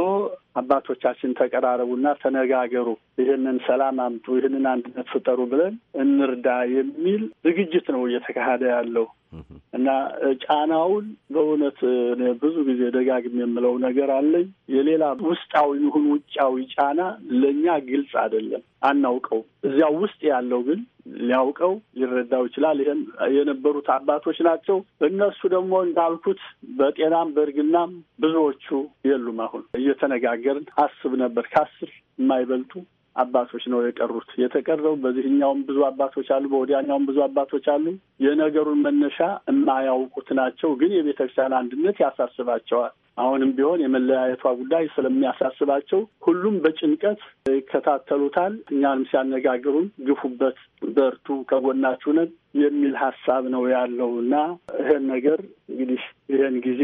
አባቶቻችን ተቀራረቡና ተነጋገሩ ይህን ይህንን ሰላም አምጡ፣ ይህንን አንድነት ፍጠሩ ብለን እንርዳ የሚል ዝግጅት ነው እየተካሄደ ያለው እና ጫናውን በእውነት ብዙ ጊዜ ደጋግም የምለው ነገር አለኝ። የሌላ ውስጣዊ ይሁን ውጫዊ ጫና ለእኛ ግልጽ አይደለም፣ አናውቀው። እዚያ ውስጥ ያለው ግን ሊያውቀው ሊረዳው ይችላል። ይህን የነበሩት አባቶች ናቸው። እነሱ ደግሞ እንዳልኩት በጤናም በእርግናም ብዙዎቹ የሉም። አሁን እየተነጋገርን አስብ ነበር ከአስር የማይበልጡ አባቶች ነው የቀሩት። የተቀረው በዚህኛውም ብዙ አባቶች አሉ፣ በወዲያኛውም ብዙ አባቶች አሉ። የነገሩን መነሻ የማያውቁት ናቸው፣ ግን የቤተ ክርስቲያን አንድነት ያሳስባቸዋል። አሁንም ቢሆን የመለያየቷ ጉዳይ ስለሚያሳስባቸው ሁሉም በጭንቀት ይከታተሉታል። እኛንም ሲያነጋግሩን ግፉበት፣ በርቱ፣ ከጎናችሁ ነን የሚል ሀሳብ ነው ያለው እና ይህን ነገር እንግዲህ ይህን ጊዜ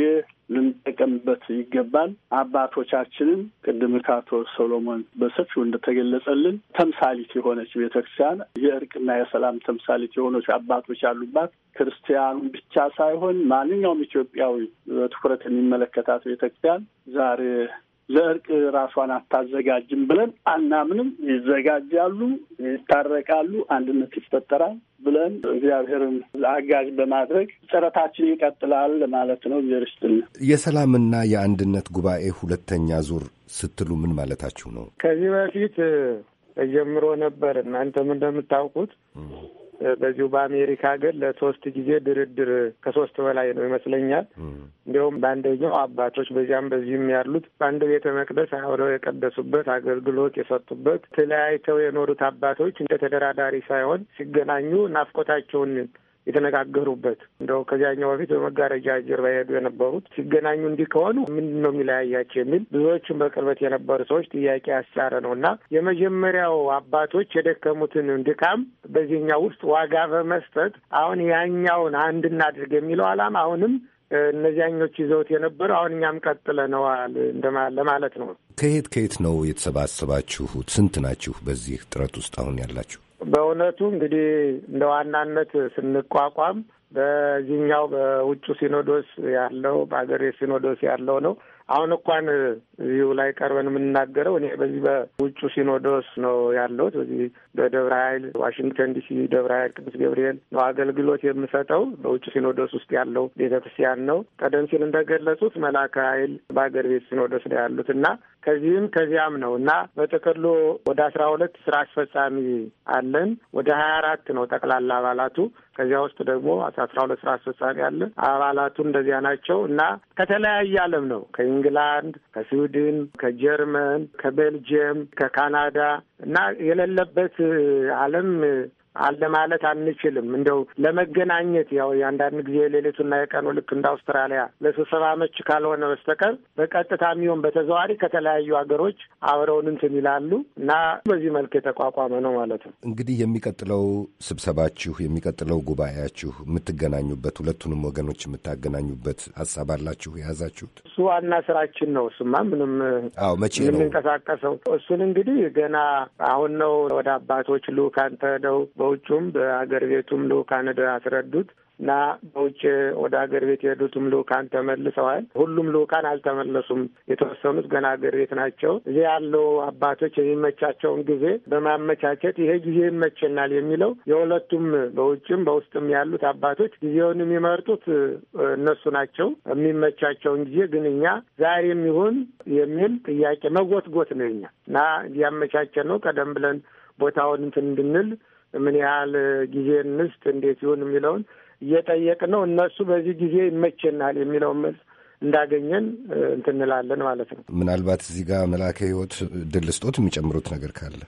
ልንጠቀምበት ይገባል። አባቶቻችንም ቅድም ከአቶ ሶሎሞን በሰፊው እንደተገለጸልን ተምሳሊት የሆነች ቤተክርስቲያን የእርቅና የሰላም ተምሳሊት የሆነች አባቶች ያሉባት ክርስቲያኑ ብቻ ሳይሆን ማንኛውም ኢትዮጵያዊ በትኩረት የሚመለከታት ቤተክርስቲያን ዛሬ ለእርቅ ራሷን አታዘጋጅም ብለን አናምንም። ይዘጋጃሉ፣ ይታረቃሉ፣ አንድነት ይፈጠራል ብለን እግዚአብሔርን አጋዥ በማድረግ ጥረታችን ይቀጥላል ማለት ነው። እግዚአብሔር የሰላምና የአንድነት ጉባኤ ሁለተኛ ዙር ስትሉ ምን ማለታችሁ ነው? ከዚህ በፊት ተጀምሮ ነበር እናንተም እንደምታውቁት በዚሁ በአሜሪካ ግን ለሶስት ጊዜ ድርድር ከሶስት በላይ ነው ይመስለኛል። እንዲሁም በአንደኛው አባቶች በዚያም በዚህም ያሉት በአንድ ቤተ መቅደስ አብረው የቀደሱበት አገልግሎት የሰጡበት ተለያይተው የኖሩት አባቶች እንደ ተደራዳሪ ሳይሆን ሲገናኙ ናፍቆታቸውን የተነጋገሩበት እንደው ከዚያኛው በፊት በመጋረጃ ጀርባ የሄዱ የነበሩት ሲገናኙ እንዲህ ከሆኑ ምንድን ነው የሚለያያቸው የሚል ብዙዎቹን በቅርበት የነበሩ ሰዎች ጥያቄ ያስጫረ ነው እና የመጀመሪያው አባቶች የደከሙትን ድካም በዚህኛው ውስጥ ዋጋ በመስጠት አሁን ያኛውን አንድ እናድርግ የሚለው አላማ አሁንም እነዚያኞች ይዘውት የነበሩ አሁን እኛም ቀጥለነዋል ለማለት ነው። ከየት ከየት ነው የተሰባሰባችሁት? ስንት ናችሁ በዚህ ጥረት ውስጥ አሁን ያላችሁ? በእውነቱ እንግዲህ እንደ ዋናነት ስንቋቋም በዚህኛው በውጩ ሲኖዶስ ያለው በሀገሬ ሲኖዶስ ያለው ነው። አሁን እንኳን እዚሁ ላይ ቀርበን የምንናገረው እኔ በዚህ በውጩ ሲኖዶስ ነው ያለሁት። በዚህ በደብረ ኃይል ዋሽንግተን ዲሲ ደብረ ኃይል ቅዱስ ገብርኤል ነው አገልግሎት የምሰጠው። በውጩ ሲኖዶስ ውስጥ ያለው ቤተ ክርስቲያን ነው። ቀደም ሲል እንደገለጹት መላከ ኃይል በአገር ቤት ሲኖዶስ ነው ያሉት እና ከዚህም ከዚያም ነው እና በጥቅሉ ወደ አስራ ሁለት ስራ አስፈጻሚ አለን። ወደ ሀያ አራት ነው ጠቅላላ አባላቱ። ከዚያ ውስጥ ደግሞ አስራ ሁለት ስራ አስፈጻሚ አለ። አባላቱ እንደዚያ ናቸው እና ከተለያየ ዓለም ነው ከኢንግላንድ፣ ከስዊድን፣ ከጀርመን፣ ከቤልጅየም፣ ከካናዳ እና የሌለበት ዓለም አለ ማለት አንችልም። እንደው ለመገናኘት ያው የአንዳንድ ጊዜ የሌሊቱና የቀኑ ልክ እንደ አውስትራሊያ ለስብሰባ መች ካልሆነ በስተቀር በቀጥታ የሚሆን በተዘዋዋሪ ከተለያዩ ሀገሮች አብረውን እንትን ይላሉ እና በዚህ መልክ የተቋቋመ ነው ማለት ነው። እንግዲህ የሚቀጥለው ስብሰባችሁ የሚቀጥለው ጉባኤያችሁ የምትገናኙበት ሁለቱንም ወገኖች የምታገናኙበት ሀሳብ አላችሁ የያዛችሁት? እሱ ዋና ስራችን ነው። እሱማ ምንም አዎ፣ መቼ ነው የምንንቀሳቀሰው? እሱን እንግዲህ ገና አሁን ነው ወደ አባቶች ልኡካን ተሄደው በውጩም በሀገር ቤቱም ልኡካን አስረዱት እና በውጭ ወደ ሀገር ቤት የሄዱትም ልኡካን ተመልሰዋል። ሁሉም ልኡካን አልተመለሱም። የተወሰኑት ገና ሀገር ቤት ናቸው። እዚህ ያለው አባቶች የሚመቻቸውን ጊዜ በማመቻቸት ይሄ ጊዜ ይመቸናል የሚለው የሁለቱም በውጭም በውስጥም ያሉት አባቶች ጊዜውን የሚመርጡት እነሱ ናቸው። የሚመቻቸውን ጊዜ ግን እኛ ዛሬ የሚሆን የሚል ጥያቄ መጎትጎት ነው። እኛ እና እንዲያመቻቸ ነው ቀደም ብለን ቦታውን እንትን እንድንል ምን ያህል ጊዜ እንስጥ፣ እንዴት ይሁን የሚለውን እየጠየቅን ነው። እነሱ በዚህ ጊዜ ይመቸናል የሚለውን መልስ እንዳገኘን እንትንላለን ማለት ነው። ምናልባት እዚህ ጋር መላከ ህይወት ድል ስጦት የሚጨምሩት ነገር ካለ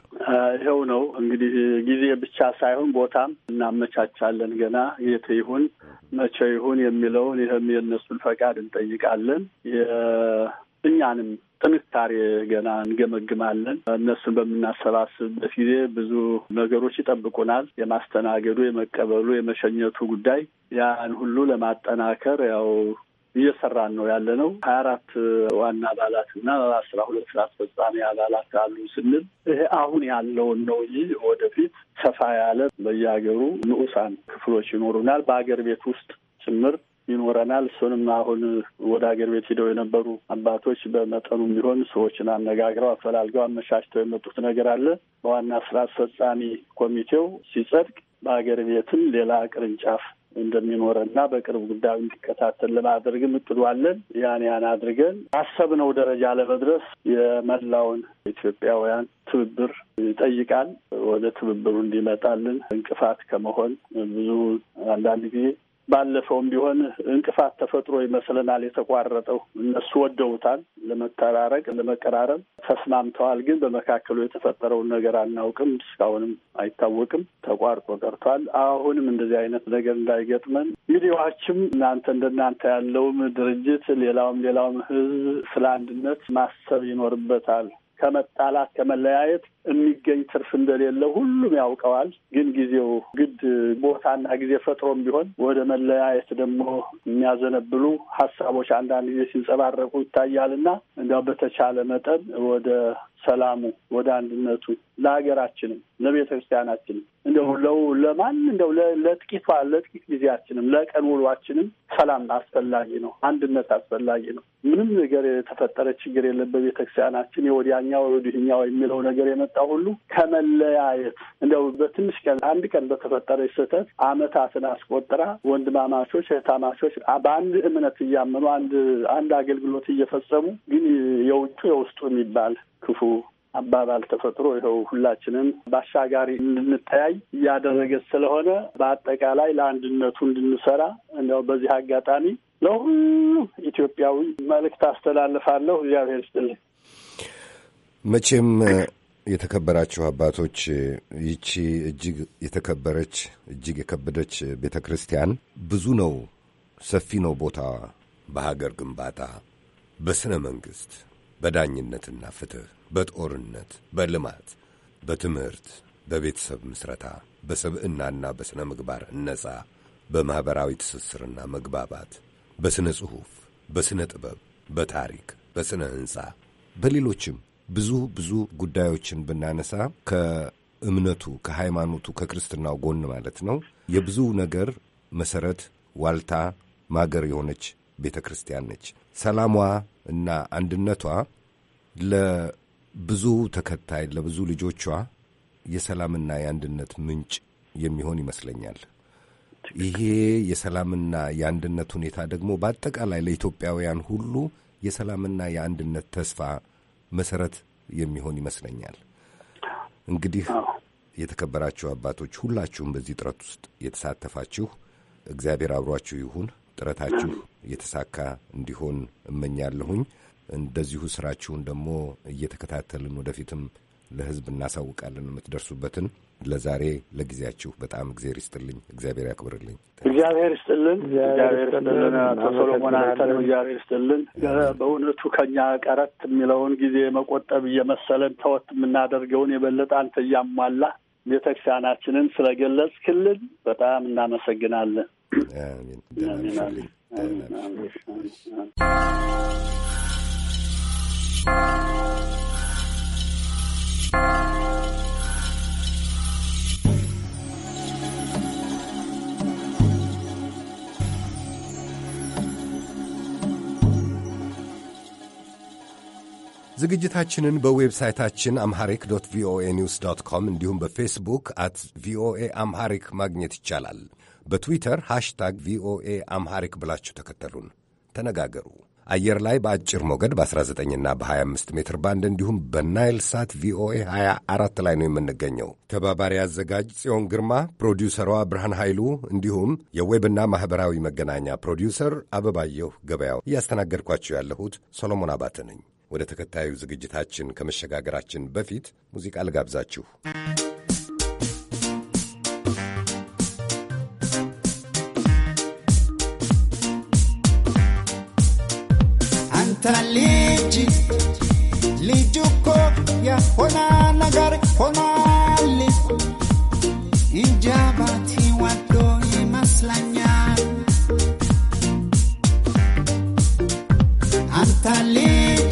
ይኸው ነው እንግዲህ ጊዜ ብቻ ሳይሆን ቦታም እናመቻቻለን። ገና የት ይሁን መቼ ይሁን የሚለውን ይህም የእነሱን ፈቃድ እንጠይቃለን። እኛንም ጥንካሬ ገና እንገመግማለን። እነሱን በምናሰባስብበት ጊዜ ብዙ ነገሮች ይጠብቁናል። የማስተናገዱ፣ የመቀበሉ፣ የመሸኘቱ ጉዳይ ያን ሁሉ ለማጠናከር ያው እየሰራን ነው ያለ ነው። ሀያ አራት ዋና አባላት እና አስራ ሁለት ስራ አስፈጻሚ አባላት አሉ ስንል ይሄ አሁን ያለውን ነው እንጂ ወደፊት ሰፋ ያለ በየሀገሩ ንዑሳን ክፍሎች ይኖሩናል በሀገር ቤት ውስጥ ጭምር ይኖረናል። እሱንም አሁን ወደ ሀገር ቤት ሂደው የነበሩ አባቶች በመጠኑ ቢሆን ሰዎችን አነጋግረው አፈላልገው አመቻችተው የመጡት ነገር አለ። በዋና ስራ አስፈጻሚ ኮሚቴው ሲጸድቅ በሀገር ቤትም ሌላ ቅርንጫፍ እንደሚኖረና በቅርብ ጉዳዩ እንዲከታተል ለማድረግም እቅዱ ያን ያን አድርገን አሰብነው ደረጃ ለመድረስ የመላውን ኢትዮጵያውያን ትብብር ይጠይቃል። ወደ ትብብሩ እንዲመጣልን እንቅፋት ከመሆን ብዙ አንዳንድ ጊዜ ባለፈውም ቢሆን እንቅፋት ተፈጥሮ ይመስለናል የተቋረጠው። እነሱ ወደውታል፣ ለመተራረቅ ለመቀራረብ ተስማምተዋል። ግን በመካከሉ የተፈጠረውን ነገር አናውቅም፣ እስካሁንም አይታወቅም። ተቋርጦ ቀርቷል። አሁንም እንደዚህ አይነት ነገር እንዳይገጥመን እንግዲህ እናንተ እንደናንተ ያለውም ድርጅት ሌላውም ሌላውም ህዝብ ስለ አንድነት ማሰብ ይኖርበታል። ከመጣላት ከመለያየት የሚገኝ ትርፍ እንደሌለ ሁሉም ያውቀዋል። ግን ጊዜው ግድ ቦታና ጊዜ ፈጥሮም ቢሆን ወደ መለያየት ደግሞ የሚያዘነብሉ ሀሳቦች አንዳንድ ጊዜ ሲንጸባረቁ ይታያልና እንዲያው በተቻለ መጠን ወደ ሰላሙ ወደ አንድነቱ ለሀገራችንም ለቤተ ክርስቲያናችንም እንደው ለው ለማን እንደው ለጥቂቷ ለጥቂት ጊዜያችንም ለቀን ውሏችንም ሰላም አስፈላጊ ነው። አንድነት አስፈላጊ ነው። ምንም ነገር የተፈጠረ ችግር የለም። በቤተ ክርስቲያናችን የወዲያኛው የወዲህኛው የሚለው ነገር የመ እንደመጣ ሁሉ ከመለያየት እንደው በትንሽ ቀን አንድ ቀን በተፈጠረች ስህተት አመታትን አስቆጥራ ወንድማማቾች እህታማቾች በአንድ እምነት እያመኑ አንድ አንድ አገልግሎት እየፈጸሙ ግን የውጩ የውስጡ የሚባል ክፉ አባባል ተፈጥሮ ይኸው ሁላችንም በአሻጋሪ እንድንተያይ እያደረገ ስለሆነ በአጠቃላይ ለአንድነቱ እንድንሰራ እንደው በዚህ አጋጣሚ ለሁሉ ኢትዮጵያዊ መልእክት አስተላልፋለሁ። እግዚአብሔር ስጥልኝ። መቼም የተከበራችሁ አባቶች፣ ይቺ እጅግ የተከበረች እጅግ የከበደች ቤተ ክርስቲያን ብዙ ነው፣ ሰፊ ነው ቦታ በሀገር ግንባታ፣ በሥነ መንግሥት፣ በዳኝነትና ፍትሕ፣ በጦርነት፣ በልማት፣ በትምህርት፣ በቤተሰብ ምስረታ፣ በሰብዕናና በሥነ ምግባር ነጻ፣ በማኅበራዊ ትስስርና መግባባት፣ በሥነ ጽሑፍ፣ በሥነ ጥበብ፣ በታሪክ፣ በሥነ ሕንፃ፣ በሌሎችም ብዙ ብዙ ጉዳዮችን ብናነሳ ከእምነቱ ከሃይማኖቱ ከክርስትናው ጎን ማለት ነው የብዙ ነገር መሰረት ዋልታ ማገር የሆነች ቤተ ክርስቲያን ነች። ሰላሟ እና አንድነቷ ለብዙ ተከታይ ለብዙ ልጆቿ የሰላምና የአንድነት ምንጭ የሚሆን ይመስለኛል። ይሄ የሰላምና የአንድነት ሁኔታ ደግሞ በአጠቃላይ ለኢትዮጵያውያን ሁሉ የሰላምና የአንድነት ተስፋ መሰረት የሚሆን ይመስለኛል። እንግዲህ የተከበራችሁ አባቶች ሁላችሁም በዚህ ጥረት ውስጥ የተሳተፋችሁ እግዚአብሔር አብሯችሁ ይሁን። ጥረታችሁ የተሳካ እንዲሆን እመኛለሁኝ። እንደዚሁ ስራችሁን ደግሞ እየተከታተልን ወደፊትም ለህዝብ እናሳውቃለን የምትደርሱበትን። ለዛሬ ለጊዜያችሁ በጣም እግዜር ይስጥልኝ፣ እግዚአብሔር ያክብርልኝ። እግዚአብሔር ይስጥልን፣ እግዚአብሔር ይስጥልን። አቶ ሰሎሞን አንተንም እግዚአብሔር ይስጥልን። በእውነቱ ከኛ ቀረት የሚለውን ጊዜ መቆጠብ እየመሰለን ተወት የምናደርገውን የበለጠ አንተ እያሟላ ቤተክርስቲያናችንን ስለገለጽክልን በጣም እናመሰግናለን። አሜን። ደህና ነሽ። ዝግጅታችንን በዌብሳይታችን አምሐሪክ ዶት ቪኦኤ ኒውስ ዶት ኮም እንዲሁም በፌስቡክ አት ቪኦኤ አምሐሪክ ማግኘት ይቻላል። በትዊተር ሃሽታግ ቪኦኤ አምሐሪክ ብላችሁ ተከተሉን፣ ተነጋገሩ። አየር ላይ በአጭር ሞገድ በ19ና በ25 ሜትር ባንድ እንዲሁም በናይል ሳት ቪኦኤ 24 ላይ ነው የምንገኘው። ተባባሪ አዘጋጅ ጽዮን ግርማ፣ ፕሮዲውሰሯ ብርሃን ኃይሉ እንዲሁም የዌብና ማኅበራዊ መገናኛ ፕሮዲውሰር አበባየሁ ገበያው፣ እያስተናገድኳቸው ያለሁት ሰሎሞን አባተ ነኝ። ወደ ተከታዩ ዝግጅታችን ከመሸጋገራችን በፊት ሙዚቃ ልጋብዛችሁ። አንተ ልጅ ልጁ እኮ የሆነ ነገር ሆናል እንጂ ይመስለኛል አንተ ልጅ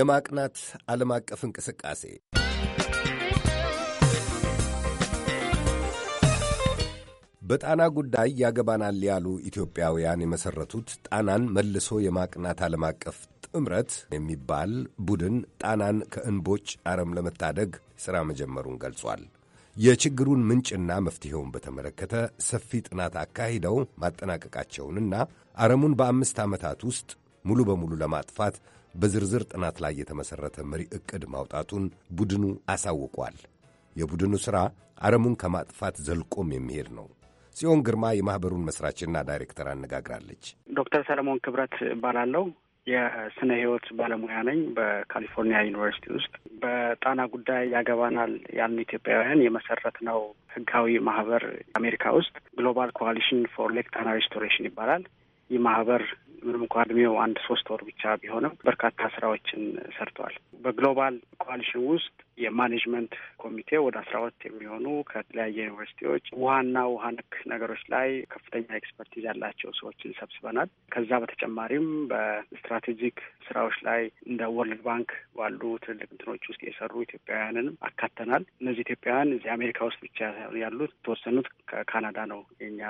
የማቅናት ዓለም አቀፍ እንቅስቃሴ በጣና ጉዳይ ያገባናል ያሉ ኢትዮጵያውያን የመሠረቱት ጣናን መልሶ የማቅናት ዓለም አቀፍ ጥምረት የሚባል ቡድን ጣናን ከእንቦጭ አረም ለመታደግ ሥራ መጀመሩን ገልጿል። የችግሩን ምንጭና መፍትሔውን በተመለከተ ሰፊ ጥናት አካሂደው ማጠናቀቃቸውንና አረሙን በአምስት ዓመታት ውስጥ ሙሉ በሙሉ ለማጥፋት በዝርዝር ጥናት ላይ የተመሠረተ መሪ ዕቅድ ማውጣቱን ቡድኑ አሳውቋል። የቡድኑ ሥራ አረሙን ከማጥፋት ዘልቆም የሚሄድ ነው። ጽዮን ግርማ የማኅበሩን መሥራችና ዳይሬክተር አነጋግራለች። ዶክተር ሰለሞን ክብረት እባላለሁ። የስነ ህይወት ባለሙያ ነኝ በካሊፎርኒያ ዩኒቨርሲቲ ውስጥ በጣና ጉዳይ ያገባናል ያልን ኢትዮጵያውያን የመሰረት ነው ህጋዊ ማህበር አሜሪካ ውስጥ ግሎባል ኮዋሊሽን ፎር ሌክ ጣና ሪስቶሬሽን ይባላል። ይህ ማህበር ምንም እንኳ እድሜው አንድ ሶስት ወር ብቻ ቢሆንም በርካታ ስራዎችን ሰርተዋል። በግሎባል ኮሊሽን ውስጥ የማኔጅመንት ኮሚቴ ወደ አስራ ሁለት የሚሆኑ ከተለያየ ዩኒቨርሲቲዎች ውሃና ውሃ ነክ ነገሮች ላይ ከፍተኛ ኤክስፐርቲዝ ያላቸው ሰዎችን ሰብስበናል። ከዛ በተጨማሪም በስትራቴጂክ ስራዎች ላይ እንደ ወርልድ ባንክ ባሉ ትልልቅ እንትኖች ውስጥ የሰሩ ኢትዮጵያውያንንም አካተናል። እነዚህ ኢትዮጵያውያን እዚህ አሜሪካ ውስጥ ብቻ ያሉት የተወሰኑት ከካናዳ ነው የኛ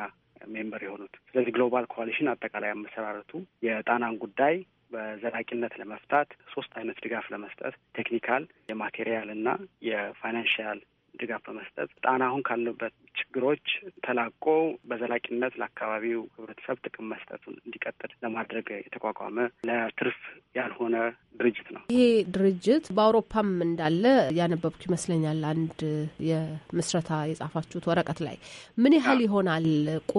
ሜምበር የሆኑት። ስለዚህ ግሎባል ኮዋሊሽን አጠቃላይ አመሰራረቱ የጣናን ጉዳይ በዘላቂነት ለመፍታት ሶስት አይነት ድጋፍ ለመስጠት ቴክኒካል፣ የማቴሪያል እና የፋይናንሽያል ድጋፍ በመስጠት ጣና አሁን ካለበት ችግሮች ተላቆ በዘላቂነት ለአካባቢው ህብረተሰብ ጥቅም መስጠቱን እንዲቀጥል ለማድረግ የተቋቋመ ለትርፍ ያልሆነ ድርጅት ነው። ይሄ ድርጅት በአውሮፓም እንዳለ ያነበብኩ ይመስለኛል። አንድ የምስረታ የጻፋችሁት ወረቀት ላይ ምን ያህል ይሆናል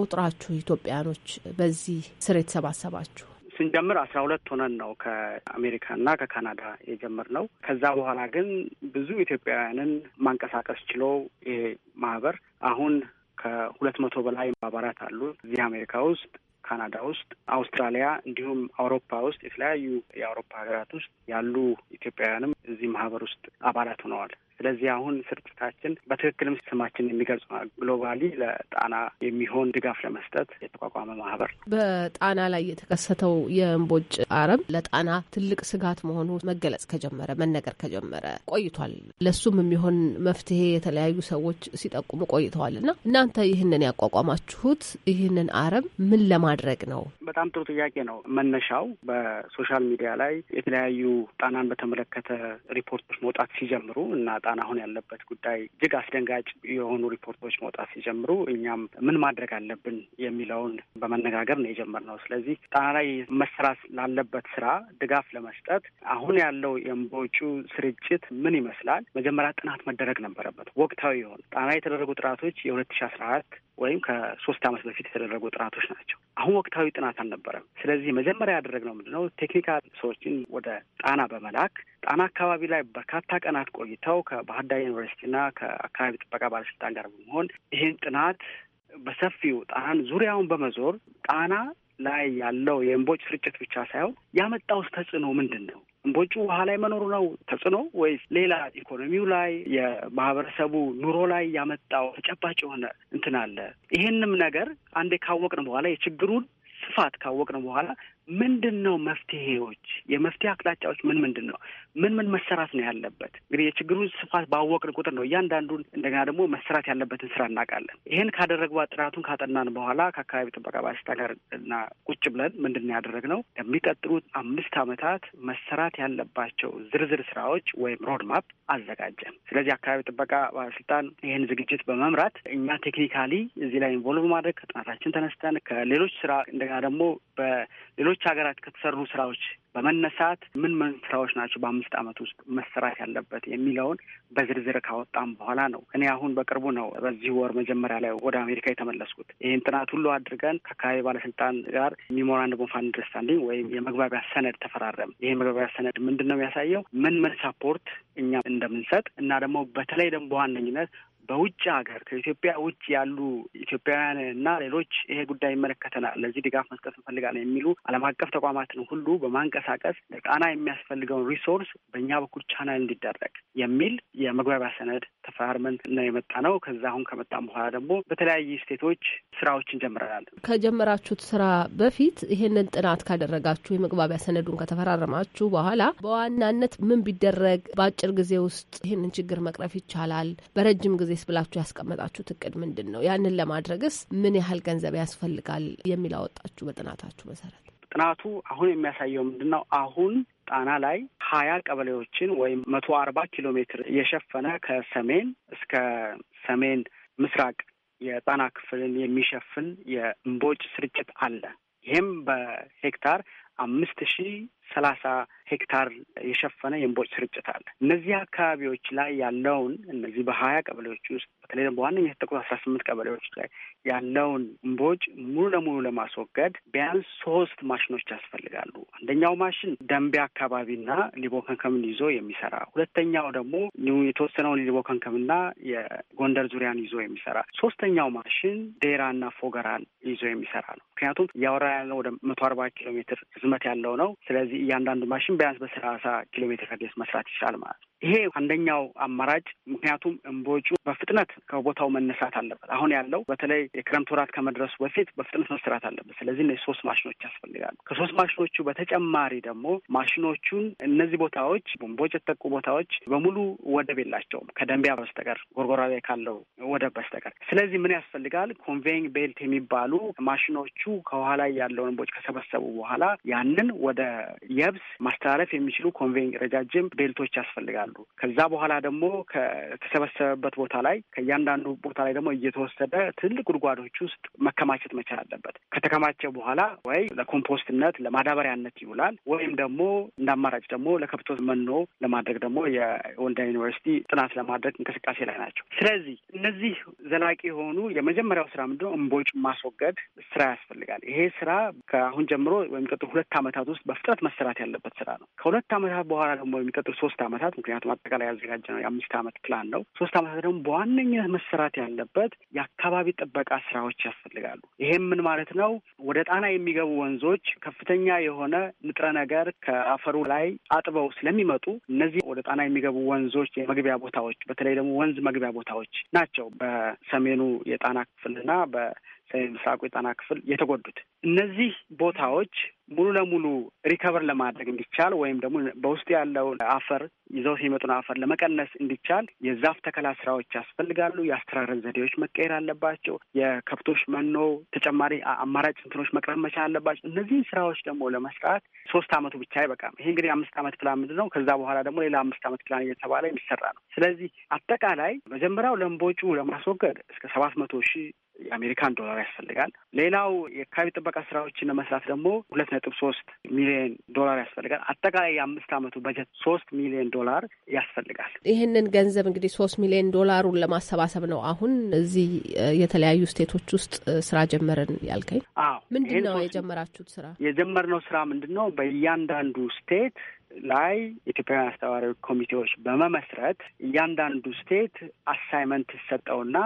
ቁጥራችሁ ኢትዮጵያኖች በዚህ ስር የተሰባሰባችሁ? ስንጀምር አስራ ሁለት ሆነን ነው ከአሜሪካና ከካናዳ የጀመርነው። ከዛ በኋላ ግን ብዙ ኢትዮጵያውያንን ማንቀሳቀስ ችሎ ይሄ ማህበር አሁን ከሁለት መቶ በላይ አባላት አሉ እዚህ አሜሪካ ውስጥ ካናዳ ውስጥ፣ አውስትራሊያ እንዲሁም አውሮፓ ውስጥ የተለያዩ የአውሮፓ ሀገራት ውስጥ ያሉ ኢትዮጵያውያንም እዚህ ማህበር ውስጥ አባላት ሆነዋል። ስለዚህ አሁን ስርጭታችን በትክክልም ስማችን የሚገልጽ ግሎባሊ ለጣና የሚሆን ድጋፍ ለመስጠት የተቋቋመ ማህበር ነው። በጣና ላይ የተከሰተው የእምቦጭ አረም ለጣና ትልቅ ስጋት መሆኑ መገለጽ ከጀመረ መነገር ከጀመረ ቆይቷል። ለሱም የሚሆን መፍትሄ የተለያዩ ሰዎች ሲጠቁሙ ቆይተዋል እና እናንተ ይህንን ያቋቋማችሁት ይህንን አረም ምን ለማድረግ ነው? በጣም ጥሩ ጥያቄ ነው። መነሻው በሶሻል ሚዲያ ላይ የተለያዩ ጣናን በተመለከተ ሪፖርቶች መውጣት ሲጀምሩ እና ስልጣን አሁን ያለበት ጉዳይ እጅግ አስደንጋጭ የሆኑ ሪፖርቶች መውጣት ሲጀምሩ እኛም ምን ማድረግ አለብን የሚለውን በመነጋገር ነው የጀመርነው። ስለዚህ ጣና ላይ መሰራት ላለበት ስራ ድጋፍ ለመስጠት አሁን ያለው የእምቦጩ ስርጭት ምን ይመስላል መጀመሪያ ጥናት መደረግ ነበረበት። ወቅታዊ የሆነ ጣና ላይ የተደረጉ ጥናቶች የሁለት ሺ አስራ አራት ወይም ከሶስት ዓመት በፊት የተደረጉ ጥናቶች ናቸው። አሁን ወቅታዊ ጥናት አልነበረም። ስለዚህ መጀመሪያ ያደረግነው ምንድነው ቴክኒካል ሰዎችን ወደ ጣና በመላክ ጣና አካባቢ ላይ በርካታ ቀናት ቆይተው ከባህርዳር ዩኒቨርሲቲና ከአካባቢ ጥበቃ ባለስልጣን ጋር በመሆን ይህን ጥናት በሰፊው ጣናን ዙሪያውን በመዞር ጣና ላይ ያለው የእምቦጭ ስርጭት ብቻ ሳይሆን ያመጣውስ ተጽዕኖ ምንድን ነው? እምቦጩ ውሃ ላይ መኖሩ ነው ተጽዕኖ ወይስ ሌላ ኢኮኖሚው ላይ የማህበረሰቡ ኑሮ ላይ ያመጣው ተጨባጭ የሆነ እንትን አለ? ይህንም ነገር አንዴ ካወቅን በኋላ የችግሩን ስፋት ካወቅን በኋላ ምንድን ነው መፍትሄዎች? የመፍትሄ አቅጣጫዎች ምን ምንድን ነው? ምን ምን መሰራት ነው ያለበት? እንግዲህ የችግሩን ስፋት ባወቅን ቁጥር ነው እያንዳንዱን እንደገና ደግሞ መሰራት ያለበትን ስራ እናውቃለን። ይህን ካደረግ ጥናቱን ካጠናን በኋላ ከአካባቢ ጥበቃ ባለስልጣን ጋር እና ቁጭ ብለን ምንድን ነው ያደረግነው የሚቀጥሉት አምስት ዓመታት መሰራት ያለባቸው ዝርዝር ስራዎች ወይም ሮድማፕ አዘጋጀን። ስለዚህ አካባቢ ጥበቃ ባለስልጣን ይህን ዝግጅት በመምራት እኛ ቴክኒካሊ እዚህ ላይ ኢንቮልቭ ማድረግ ከጥናታችን ተነስተን ከሌሎች ስራ እንደገና ደግሞ በሌሎች በሌሎች ሀገራት ከተሰሩ ስራዎች በመነሳት ምን ምን ስራዎች ናቸው በአምስት ዓመት ውስጥ መሰራት ያለበት የሚለውን በዝርዝር ካወጣም በኋላ ነው። እኔ አሁን በቅርቡ ነው በዚህ ወር መጀመሪያ ላይ ወደ አሜሪካ የተመለስኩት። ይህን ጥናት ሁሉ አድርገን ከአካባቢ ባለስልጣን ጋር ሚሞራንደም ኦፍ አንደርስታንዲንግ ወይም የመግባቢያ ሰነድ ተፈራረም። ይህ መግባቢያ ሰነድ ምንድን ነው የሚያሳየው ምን ምን ሳፖርት እኛ እንደምንሰጥ እና ደግሞ በተለይ ደግሞ በዋነኝነት በውጭ ሀገር ከኢትዮጵያ ውጭ ያሉ ኢትዮጵያውያን እና ሌሎች ይሄ ጉዳይ ይመለከተናል፣ ለዚህ ድጋፍ መስጠት እንፈልጋለን የሚሉ ዓለም አቀፍ ተቋማትን ሁሉ በማንቀሳቀስ ለጣና የሚያስፈልገውን ሪሶርስ በእኛ በኩል ቻናል እንዲደረግ የሚል የመግባቢያ ሰነድ ተፈራርመን ነው የመጣ ነው። ከዛ አሁን ከመጣም በኋላ ደግሞ በተለያዩ ስቴቶች ስራዎችን ጀምረናል። ከጀመራችሁት ስራ በፊት ይሄንን ጥናት ካደረጋችሁ የመግባቢያ ሰነዱን ከተፈራረማችሁ በኋላ በዋናነት ምን ቢደረግ በአጭር ጊዜ ውስጥ ይህንን ችግር መቅረፍ ይቻላል፣ በረጅም ጊዜ አዲስ ብላችሁ ያስቀመጣችሁት እቅድ ምንድን ነው? ያንን ለማድረግስ ምን ያህል ገንዘብ ያስፈልጋል የሚል አወጣችሁ በጥናታችሁ መሰረት? ጥናቱ አሁን የሚያሳየው ምንድን ነው? አሁን ጣና ላይ ሀያ ቀበሌዎችን ወይም መቶ አርባ ኪሎ ሜትር የሸፈነ ከሰሜን እስከ ሰሜን ምስራቅ የጣና ክፍልን የሚሸፍን የእምቦጭ ስርጭት አለ። ይህም በሄክታር አምስት ሺ ሰላሳ ሄክታር የሸፈነ የእምቦጭ ስርጭት አለ። እነዚህ አካባቢዎች ላይ ያለውን እነዚህ በሀያ ቀበሌዎች ውስጥ በተለይ ደግሞ በዋነኛ የተጠቁት አስራ ስምንት ቀበሌዎች ላይ ያለውን እምቦጭ ሙሉ ለሙሉ ለማስወገድ ቢያንስ ሶስት ማሽኖች ያስፈልጋሉ። አንደኛው ማሽን ደንቢያ አካባቢና ሊቦ ከንከምን ይዞ የሚሰራ፣ ሁለተኛው ደግሞ የተወሰነውን ሊቦ ከንከምና የጎንደር ዙሪያን ይዞ የሚሰራ፣ ሶስተኛው ማሽን ዴራና ፎገራን ይዞ የሚሰራ ነው። ምክንያቱም እያወራ ያለው ወደ መቶ አርባ ኪሎ ሜትር ርዝመት ያለው ነው። ስለዚህ እያንዳንዱ ማሽን ቢያንስ በሰላሳ ኪሎ ሜትር ከደስ መስራት ይችላል ማለት ነው። ይሄ አንደኛው አማራጭ። ምክንያቱም እምቦጩ በፍጥነት ከቦታው መነሳት አለበት። አሁን ያለው በተለይ የክረምት ወራት ከመድረሱ በፊት በፍጥነት መስራት አለበት። ስለዚህ እነዚህ ሶስት ማሽኖች ያስፈልጋሉ። ከሶስት ማሽኖቹ በተጨማሪ ደግሞ ማሽኖቹን እነዚህ ቦታዎች በእምቦጭ የተጠቁ ቦታዎች በሙሉ ወደብ የላቸውም ከደንቢያ በስተቀር ጎርጎራ ካለው ወደብ በስተቀር። ስለዚህ ምን ያስፈልጋል? ኮንቬይንግ ቤልት የሚባሉ ማሽኖቹ ከኋላ ያለውን እምቦጭ ከሰበሰቡ በኋላ ያንን ወደ የብስ ማስተላለፍ የሚችሉ ኮንቬይንግ ረጃጅም ቤልቶች ያስፈልጋሉ። ይሰበስባሉ። ከዛ በኋላ ደግሞ ከተሰበሰበበት ቦታ ላይ ከእያንዳንዱ ቦታ ላይ ደግሞ እየተወሰደ ትልቅ ጉድጓዶች ውስጥ መከማቸት መቻል አለበት። ከተከማቸ በኋላ ወይ ለኮምፖስትነት ለማዳበሪያነት ይውላል፣ ወይም ደግሞ እንደ አማራጭ ደግሞ ለከብቶች መኖ ለማድረግ ደግሞ የወልዳ ዩኒቨርሲቲ ጥናት ለማድረግ እንቅስቃሴ ላይ ናቸው። ስለዚህ እነዚህ ዘላቂ የሆኑ የመጀመሪያው ስራ ምንድነው ነው? እምቦጭ ማስወገድ ስራ ያስፈልጋል። ይሄ ስራ ከአሁን ጀምሮ የሚቀጥሉ ሁለት ዓመታት ውስጥ በፍጥነት መሰራት ያለበት ስራ ነው። ከሁለት ዓመታት በኋላ ደግሞ የሚቀጥሉ ሶስት ዓመታት ምክንያቱ ዓመት ማጠቃላይ ያዘጋጀ ነው። የአምስት ዓመት ፕላን ነው። ሶስት ዓመታት ደግሞ በዋነኝነት መሰራት ያለበት የአካባቢ ጥበቃ ስራዎች ያስፈልጋሉ። ይሄም ምን ማለት ነው? ወደ ጣና የሚገቡ ወንዞች ከፍተኛ የሆነ ንጥረ ነገር ከአፈሩ ላይ አጥበው ስለሚመጡ እነዚህ ወደ ጣና የሚገቡ ወንዞች የመግቢያ ቦታዎች፣ በተለይ ደግሞ ወንዝ መግቢያ ቦታዎች ናቸው። በሰሜኑ የጣና ክፍልና በ ምስራቁ የጣና ክፍል የተጎዱት። እነዚህ ቦታዎች ሙሉ ለሙሉ ሪከቨር ለማድረግ እንዲቻል ወይም ደግሞ በውስጡ ያለውን አፈር ይዘው ሲመጡን አፈር ለመቀነስ እንዲቻል የዛፍ ተከላ ስራዎች ያስፈልጋሉ። የአስተራረስ ዘዴዎች መቀየር አለባቸው። የከብቶች መኖ ተጨማሪ አማራጭ እንትኖች መቅረብ መቻል አለባቸው። እነዚህን ስራዎች ደግሞ ለመስራት ሶስት አመቱ ብቻ አይበቃም። ይሄ እንግዲህ አምስት አመት ፕላን ምንድን ነው? ከዛ በኋላ ደግሞ ሌላ አምስት አመት ፕላን እየተባለ የሚሰራ ነው። ስለዚህ አጠቃላይ መጀመሪያው ለምቦጩ ለማስወገድ እስከ ሰባት መቶ ሺህ የአሜሪካን ዶላር ያስፈልጋል። ሌላው የአካባቢ ጥበቃ ስራዎችን ለመስራት ደግሞ ሁለት ነጥብ ሶስት ሚሊዮን ዶላር ያስፈልጋል። አጠቃላይ የአምስት አመቱ በጀት ሶስት ሚሊዮን ዶላር ያስፈልጋል። ይህንን ገንዘብ እንግዲህ ሶስት ሚሊዮን ዶላሩን ለማሰባሰብ ነው። አሁን እዚህ የተለያዩ ስቴቶች ውስጥ ስራ ጀመርን ያልከኝ፣ አዎ ምንድን ነው የጀመራችሁት ስራ? የጀመርነው ስራ ምንድን ነው? በእያንዳንዱ ስቴት ላይ ኢትዮጵያውያን አስተባባሪ ኮሚቴዎች በመመስረት እያንዳንዱ ስቴት አሳይመንት ሰጠውና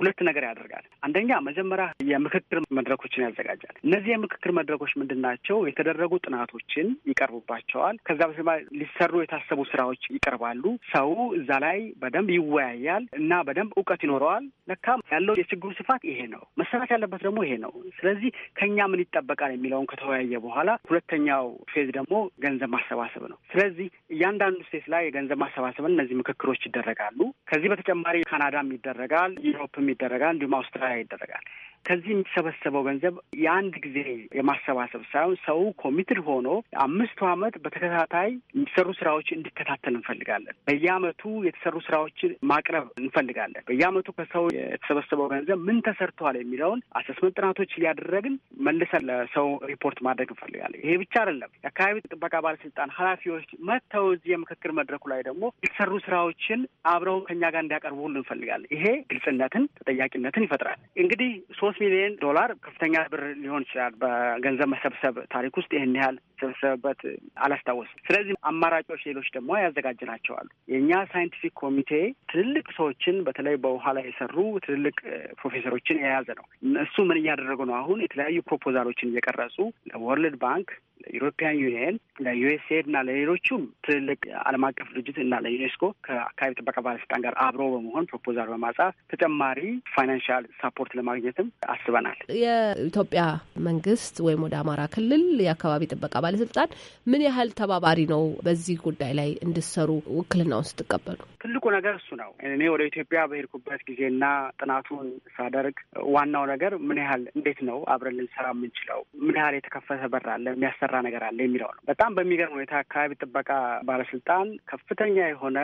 ሁለት ነገር ያደርጋል። አንደኛ መጀመሪያ የምክክር መድረኮችን ያዘጋጃል። እነዚህ የምክክር መድረኮች ምንድን ናቸው? የተደረጉ ጥናቶችን ይቀርቡባቸዋል። ከዛ በፊት ሊሰሩ የታሰቡ ስራዎች ይቀርባሉ። ሰው እዛ ላይ በደንብ ይወያያል እና በደንብ እውቀት ይኖረዋል። ለካ ያለው የችግሩ ስፋት ይሄ ነው፣ መሰራት ያለበት ደግሞ ይሄ ነው። ስለዚህ ከኛ ምን ይጠበቃል የሚለውን ከተወያየ በኋላ ሁለተኛው ፌዝ ደግሞ ገንዘብ ማሰባሰብ ነው። ስለዚህ እያንዳንዱ ስቴት ላይ የገንዘብ ማሰባሰብን እነዚህ ምክክሮች ይደረጋሉ። ከዚህ በተጨማሪ ካናዳም ይደረጋል፣ ዩሮፕም ይደረጋል፣ እንዲሁም አውስትራሊያ ይደረጋል። ከዚህ የሚሰበሰበው ገንዘብ የአንድ ጊዜ የማሰባሰብ ሳይሆን ሰው ኮሚትድ ሆኖ አምስቱ ዓመት በተከታታይ የሚሰሩ ስራዎች እንዲከታተል እንፈልጋለን። በየዓመቱ የተሰሩ ስራዎችን ማቅረብ እንፈልጋለን። በየዓመቱ ከሰው የተሰበሰበው ገንዘብ ምን ተሰርተዋል የሚለውን አሰስመንት ጥናቶች እያደረግን መልሰን ለሰው ሪፖርት ማድረግ እንፈልጋለን። ይሄ ብቻ አይደለም። የአካባቢ ጥበቃ ባለስልጣን ኃላፊዎች መጥተው እዚህ የምክክር መድረኩ ላይ ደግሞ የተሰሩ ስራዎችን አብረው ከኛ ጋር እንዲያቀርቡ ሁሉ እንፈልጋለን። ይሄ ግልጽነትን ተጠያቂነትን ይፈጥራል። እንግዲህ ሶስት ሚሊዮን ዶላር ከፍተኛ ብር ሊሆን ይችላል። በገንዘብ መሰብሰብ ታሪክ ውስጥ ይህን ያህል ሰበሰበበት አላስታወስም። ስለዚህ አማራጮች ሌሎች ደግሞ ያዘጋጅናቸዋሉ። የእኛ ሳይንቲፊክ ኮሚቴ ትልልቅ ሰዎችን በተለይ በውሃ ላይ የሰሩ ትልልቅ ፕሮፌሰሮችን የያዘ ነው። እሱ ምን እያደረጉ ነው? አሁን የተለያዩ ፕሮፖዛሎችን እየቀረጹ ለወርልድ ባንክ፣ ለዩሮፒያን ዩኒየን፣ ለዩኤስኤድ እና ለሌሎቹም ትልልቅ ዓለም አቀፍ ድርጅት እና ለዩኔስኮ ከአካባቢ ጥበቃ ባለስልጣን ጋር አብሮ በመሆን ፕሮፖዛል በማጻፍ ተጨማሪ ፋይናንሻል ሳፖርት ለማግኘትም አስበናል። የኢትዮጵያ መንግስት ወይም ወደ አማራ ክልል የአካባቢ ጥበቃ ባለስልጣን ምን ያህል ተባባሪ ነው? በዚህ ጉዳይ ላይ እንድሰሩ ውክልናውን ስትቀበሉ ትልቁ ነገር እሱ ነው። እኔ ወደ ኢትዮጵያ በሄድኩበት ጊዜና ጥናቱን ሳደርግ ዋናው ነገር ምን ያህል እንዴት ነው አብረን ልንሰራ የምንችለው፣ ምን ያህል የተከፈተ በር አለ፣ የሚያሰራ ነገር አለ የሚለው ነው። በጣም በሚገርም ሁኔታ አካባቢ ጥበቃ ባለስልጣን ከፍተኛ የሆነ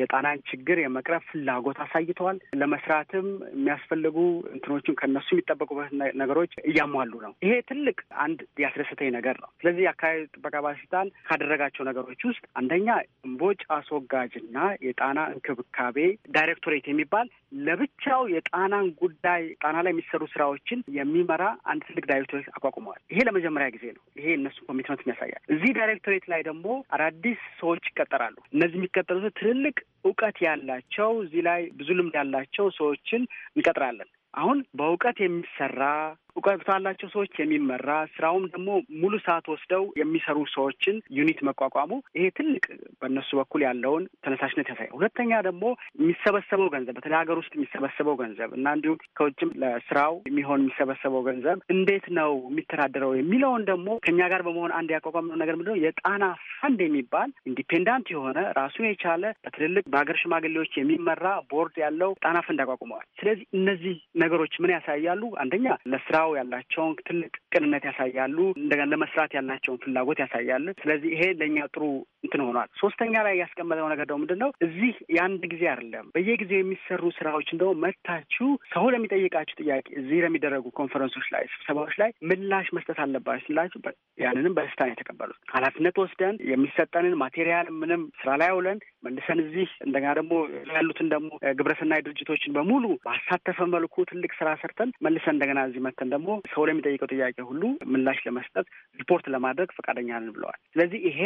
የጣናን ችግር የመቅረብ ፍላጎት አሳይተዋል። ለመስራትም የሚያስፈልጉ እንትኖችን ከነሱ የሚጠበቁበት ነገሮች እያሟሉ ነው። ይሄ ትልቅ አንድ ያስደሰተኝ ነገር ነው። ስለዚህ የአካባቢ ጥበቃ ባለስልጣን ካደረጋቸው ነገሮች ውስጥ አንደኛ እምቦጭ አስወጋጅና የጣና እንክብካቤ ዳይሬክቶሬት የሚባል ለብቻው የጣናን ጉዳይ ጣና ላይ የሚሰሩ ስራዎችን የሚመራ አንድ ትልቅ ዳይሬክቶሬት አቋቁመዋል። ይሄ ለመጀመሪያ ጊዜ ነው። ይሄ እነሱ ኮሚትመንት ያሳያል። እዚህ ዳይሬክቶሬት ላይ ደግሞ አዳዲስ ሰዎች ይቀጠራሉ። እነዚህ የሚቀጠሉት ትልልቅ እውቀት ያላቸው እዚህ ላይ ብዙ ልምድ ያላቸው ሰዎችን እንቀጥራለን። አሁን በእውቀት የሚሰራ እውቀት ባላቸው ሰዎች የሚመራ ስራውም ደግሞ ሙሉ ሰዓት ወስደው የሚሰሩ ሰዎችን ዩኒት መቋቋሙ ይሄ ትልቅ በእነሱ በኩል ያለውን ተነሳሽነት ያሳያል። ሁለተኛ ደግሞ የሚሰበሰበው ገንዘብ በተለይ ሀገር ውስጥ የሚሰበሰበው ገንዘብ እና እንዲሁም ከውጭም ለስራው የሚሆን የሚሰበሰበው ገንዘብ እንዴት ነው የሚተዳደረው የሚለውን ደግሞ ከኛ ጋር በመሆን አንድ ያቋቋምነው ነገር ምንድነው የጣና ፈንድ የሚባል ኢንዲፔንዳንት የሆነ ራሱን የቻለ በትልልቅ በሀገር ሽማግሌዎች የሚመራ ቦርድ ያለው ጣና ፈንድ ያቋቁመዋል። ስለዚህ እነዚህ ነገሮች ምን ያሳያሉ? አንደኛ ለስራ ለስራው ያላቸውን ትልቅ ቅንነት ያሳያሉ። እንደገና ለመስራት ያላቸውን ፍላጎት ያሳያሉ። ስለዚህ ይሄ ለእኛ ጥሩ እንትን ሆኗል። ሶስተኛ ላይ ያስቀመጠው ነገር ደግሞ ምንድን ነው? እዚህ የአንድ ጊዜ አይደለም፣ በየጊዜው የሚሰሩ ስራዎች እንደው መታችሁ ሰው ለሚጠይቃችሁ ጥያቄ እዚህ ለሚደረጉ ኮንፈረንሶች ላይ፣ ስብሰባዎች ላይ ምላሽ መስጠት አለባችሁ ስላችሁ ያንንም በደስታ ነው የተቀበሉት። ኃላፊነት ወስደን የሚሰጠንን ማቴሪያል ምንም ስራ ላይ አውለን መልሰን እዚህ እንደገና ደግሞ ያሉትን ደግሞ ግብረሰናይ ድርጅቶችን በሙሉ ባሳተፈ መልኩ ትልቅ ስራ ሰርተን መልሰን እንደገና እዚህ መተን ደግሞ ሰው ለሚጠይቀው ጥያቄ ሁሉ ምላሽ ለመስጠት ሪፖርት ለማድረግ ፈቃደኛ ነን ብለዋል። ስለዚህ ይሄ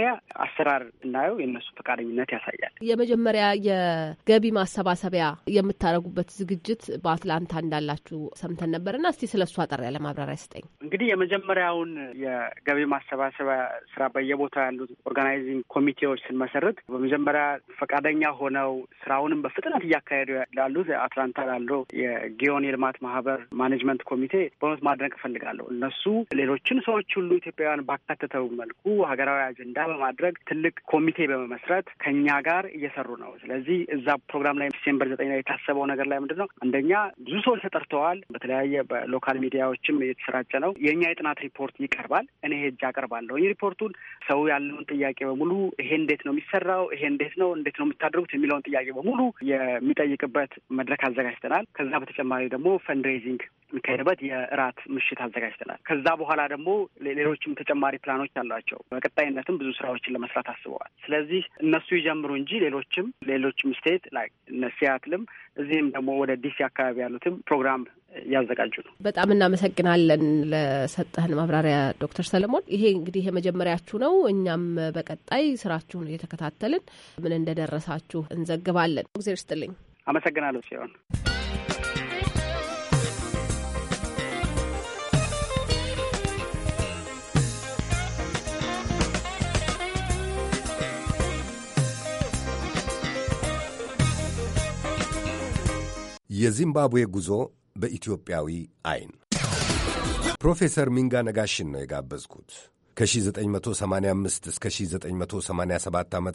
አሰራር እናየው የእነሱ ፈቃደኝነት ያሳያል። የመጀመሪያ የገቢ ማሰባሰቢያ የምታደርጉበት ዝግጅት በአትላንታ እንዳላችሁ ሰምተን ነበርና እስቲ ስለ እሱ አጠር ያለ ማብራሪያ ስጠኝ። እንግዲህ የመጀመሪያውን የገቢ ማሰባሰቢያ ስራ በየቦታው ያሉት ኦርጋናይዚንግ ኮሚቴዎች ስንመሰርት በመጀመሪያ ፈቃደኛ ሆነው ስራውንም በፍጥነት እያካሄዱ ላሉት አትላንታ ላለው የጊዮን የልማት ማህበር ማኔጅመንት ኮሚቴ በ ትኩረት ማድረግ እፈልጋለሁ። እነሱ ሌሎችን ሰዎች ሁሉ ኢትዮጵያውያን ባካተተው መልኩ ሀገራዊ አጀንዳ በማድረግ ትልቅ ኮሚቴ በመመስረት ከኛ ጋር እየሰሩ ነው። ስለዚህ እዛ ፕሮግራም ላይ ዲሴምበር ዘጠኝ ላይ የታሰበው ነገር ላይ ምንድን ነው? አንደኛ ብዙ ሰዎች ተጠርተዋል። በተለያየ በሎካል ሚዲያዎችም እየተሰራጨ ነው። የእኛ የጥናት ሪፖርት ይቀርባል። እኔ ሄጅ አቀርባለሁ። ይህ ሪፖርቱን ሰው ያለውን ጥያቄ በሙሉ ይሄ እንዴት ነው የሚሰራው? ይሄ እንዴት ነው እንዴት ነው የምታደርጉት? የሚለውን ጥያቄ በሙሉ የሚጠይቅበት መድረክ አዘጋጅተናል። ከዛ በተጨማሪ ደግሞ ፈንድሬዚንግ የሚካሄድበት የራ የራት ምሽት አዘጋጅተናል። ከዛ በኋላ ደግሞ ሌሎችም ተጨማሪ ፕላኖች አሏቸው። በቀጣይነትም ብዙ ስራዎችን ለመስራት አስበዋል። ስለዚህ እነሱ ይጀምሩ እንጂ ሌሎችም ሌሎችም ስቴት ላይ ሲያትልም እዚህም ደግሞ ወደ ዲሲ አካባቢ ያሉትም ፕሮግራም እያዘጋጁ ነው። በጣም እናመሰግናለን ለሰጠህን ማብራሪያ ዶክተር ሰለሞን። ይሄ እንግዲህ የመጀመሪያችሁ ነው። እኛም በቀጣይ ስራችሁን እየተከታተልን ምን እንደደረሳችሁ እንዘግባለን። እግዜር ይስጥልኝ። አመሰግናለሁ ሲሆን የዚምባብዌ ጉዞ በኢትዮጵያዊ አይን ፕሮፌሰር ሚንጋ ነጋሽን ነው የጋበዝኩት። ከ1985 እስከ 1987 ዓ ም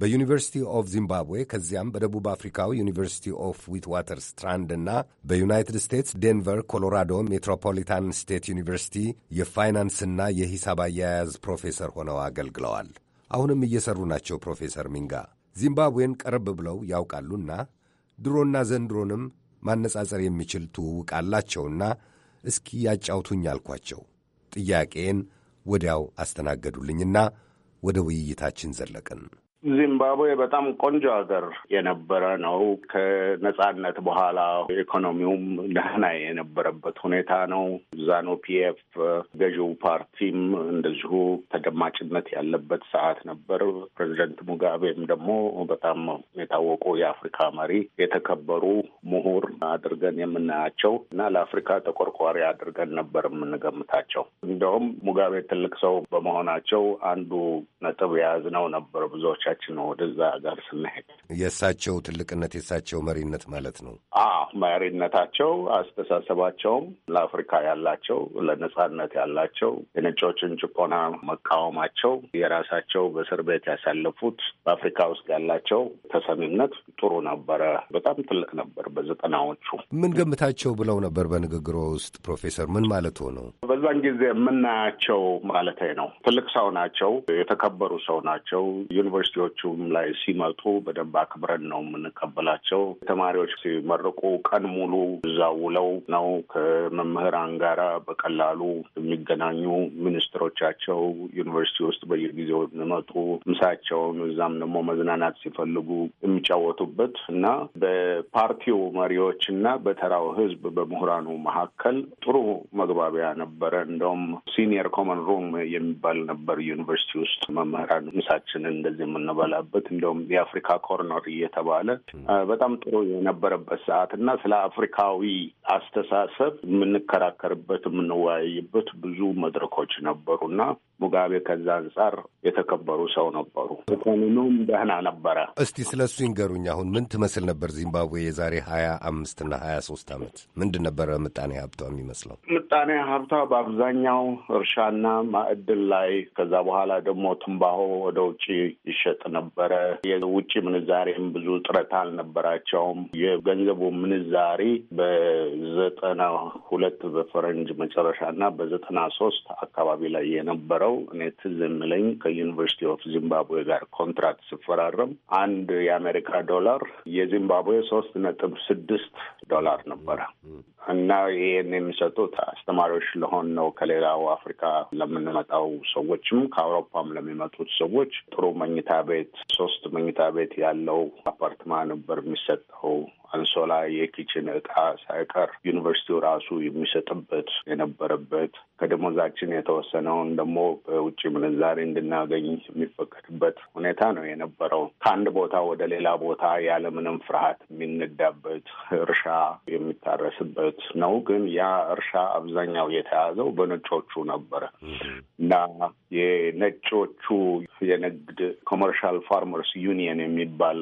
በዩኒቨርሲቲ ኦፍ ዚምባብዌ ከዚያም በደቡብ አፍሪካው ዩኒቨርሲቲ ኦፍ ዊትዋተር ስትራንድ እና በዩናይትድ ስቴትስ ዴንቨር ኮሎራዶ ሜትሮፖሊታን ስቴት ዩኒቨርሲቲ የፋይናንስና የሂሳብ አያያዝ ፕሮፌሰር ሆነው አገልግለዋል። አሁንም እየሰሩ ናቸው። ፕሮፌሰር ሚንጋ ዚምባብዌን ቀረብ ብለው ያውቃሉና ድሮና ዘንድሮንም ማነጻጸር የሚችል ትውውቅ አላቸውና እስኪ ያጫውቱኝ አልኳቸው። ጥያቄን ወዲያው አስተናገዱልኝና ወደ ውይይታችን ዘለቅን። ዚምባብዌ በጣም ቆንጆ ሀገር የነበረ ነው። ከነጻነት በኋላ ኢኮኖሚውም ደህና የነበረበት ሁኔታ ነው። ዛኖ ፒኤፍ ገዢው ፓርቲም እንደዚሁ ተደማጭነት ያለበት ሰዓት ነበር። ፕሬዚደንት ሙጋቤም ደግሞ በጣም የታወቁ የአፍሪካ መሪ፣ የተከበሩ ምሁር አድርገን የምናያቸው እና ለአፍሪካ ተቆርቋሪ አድርገን ነበር የምንገምታቸው። እንደውም ሙጋቤ ትልቅ ሰው በመሆናቸው አንዱ ነጥብ የያዝነው ነበር ብዙዎች ጉዳዮቻችን ነው ወደዛ ጋር ስናሄድ የእሳቸው ትልቅነት የእሳቸው መሪነት ማለት ነው። አዎ መሪነታቸው፣ አስተሳሰባቸውም ለአፍሪካ ያላቸው ለነጻነት ያላቸው የነጮችን ጭቆና መቃወማቸው፣ የራሳቸው በእስር ቤት ያሳለፉት በአፍሪካ ውስጥ ያላቸው ተሰሚነት ጥሩ ነበረ። በጣም ትልቅ ነበር። በዘጠናዎቹ ምን ገምታቸው ብለው ነበር በንግግሮ ውስጥ ፕሮፌሰር ምን ማለት ነው? በዛን ጊዜ የምናያቸው ማለት ነው ትልቅ ሰው ናቸው። የተከበሩ ሰው ናቸው። ዩኒቨርሲቲ ዩኒቨርሲቲዎቹም ላይ ሲመጡ በደንብ አክብረን ነው የምንቀበላቸው። ተማሪዎች ሲመርቁ ቀን ሙሉ እዛ ውለው ነው ከመምህራን ጋራ በቀላሉ የሚገናኙ። ሚኒስትሮቻቸው ዩኒቨርሲቲ ውስጥ በየጊዜው የሚመጡ ምሳቸውን፣ እዛም ደግሞ መዝናናት ሲፈልጉ የሚጫወቱበት እና በፓርቲው መሪዎች እና በተራው ህዝብ በምሁራኑ መካከል ጥሩ መግባቢያ ነበረ። እንደውም ሲኒየር ኮመን ሩም የሚባል ነበር ዩኒቨርሲቲ ውስጥ መምህራን ምሳችንን እንደዚህ የምና የምንበላበት እንደውም የአፍሪካ ኮርነር እየተባለ በጣም ጥሩ የነበረበት ሰዓት እና ስለ አፍሪካዊ አስተሳሰብ የምንከራከርበት የምንወያይበት ብዙ መድረኮች ነበሩ እና ሙጋቤ ከዛ አንጻር የተከበሩ ሰው ነበሩ። ኢኮኖሚውም ደህና ነበረ። እስቲ ስለ እሱ ይንገሩኝ። አሁን ምን ትመስል ነበር ዚምባብዌ የዛሬ ሀያ አምስትና ሀያ ሶስት አመት? ምንድን ነበረ ምጣኔ ሀብቷ የሚመስለው? ምጣኔ ሀብታ በአብዛኛው እርሻና ማዕድን ላይ ከዛ በኋላ ደግሞ ትንባሆ ወደ ውጭ ይሸጥ ነበረ። የውጭ ምንዛሬም ብዙ ጥረት አልነበራቸውም። የገንዘቡ ምንዛሪ በዘጠና ሁለት በፈረንጅ መጨረሻ በዘጠና ሶስት አካባቢ ላይ የነበረው እኔ ትዝ የሚለኝ ከዩኒቨርሲቲ ኦፍ ዚምባብዌ ጋር ኮንትራክት ስፈራረም አንድ የአሜሪካ ዶላር የዚምባብዌ ሶስት ነጥብ ስድስት ዶላር ነበረ። እና ይሄን የሚሰጡት አስተማሪዎች ለሆን ነው። ከሌላው አፍሪካ ለምንመጣው ሰዎችም ከአውሮፓም ለሚመጡት ሰዎች ጥሩ መኝታ ቤት፣ ሶስት መኝታ ቤት ያለው አፓርትማ ነበር የሚሰጠው። አንሶላ፣ የኪችን እቃ ሳይቀር ዩኒቨርሲቲው ራሱ የሚሰጥበት የነበረበት ከደሞዛችን የተወሰነውን ደግሞ በውጭ ምንዛሬ እንድናገኝ የሚፈቀድበት ሁኔታ ነው የነበረው። ከአንድ ቦታ ወደ ሌላ ቦታ ያለምንም ፍርሃት የሚነዳበት እርሻ የሚታረስበት ነው። ግን ያ እርሻ አብዛኛው የተያዘው በነጮቹ ነበረ እና የነጮቹ የንግድ ኮመርሻል ፋርመርስ ዩኒየን የሚባል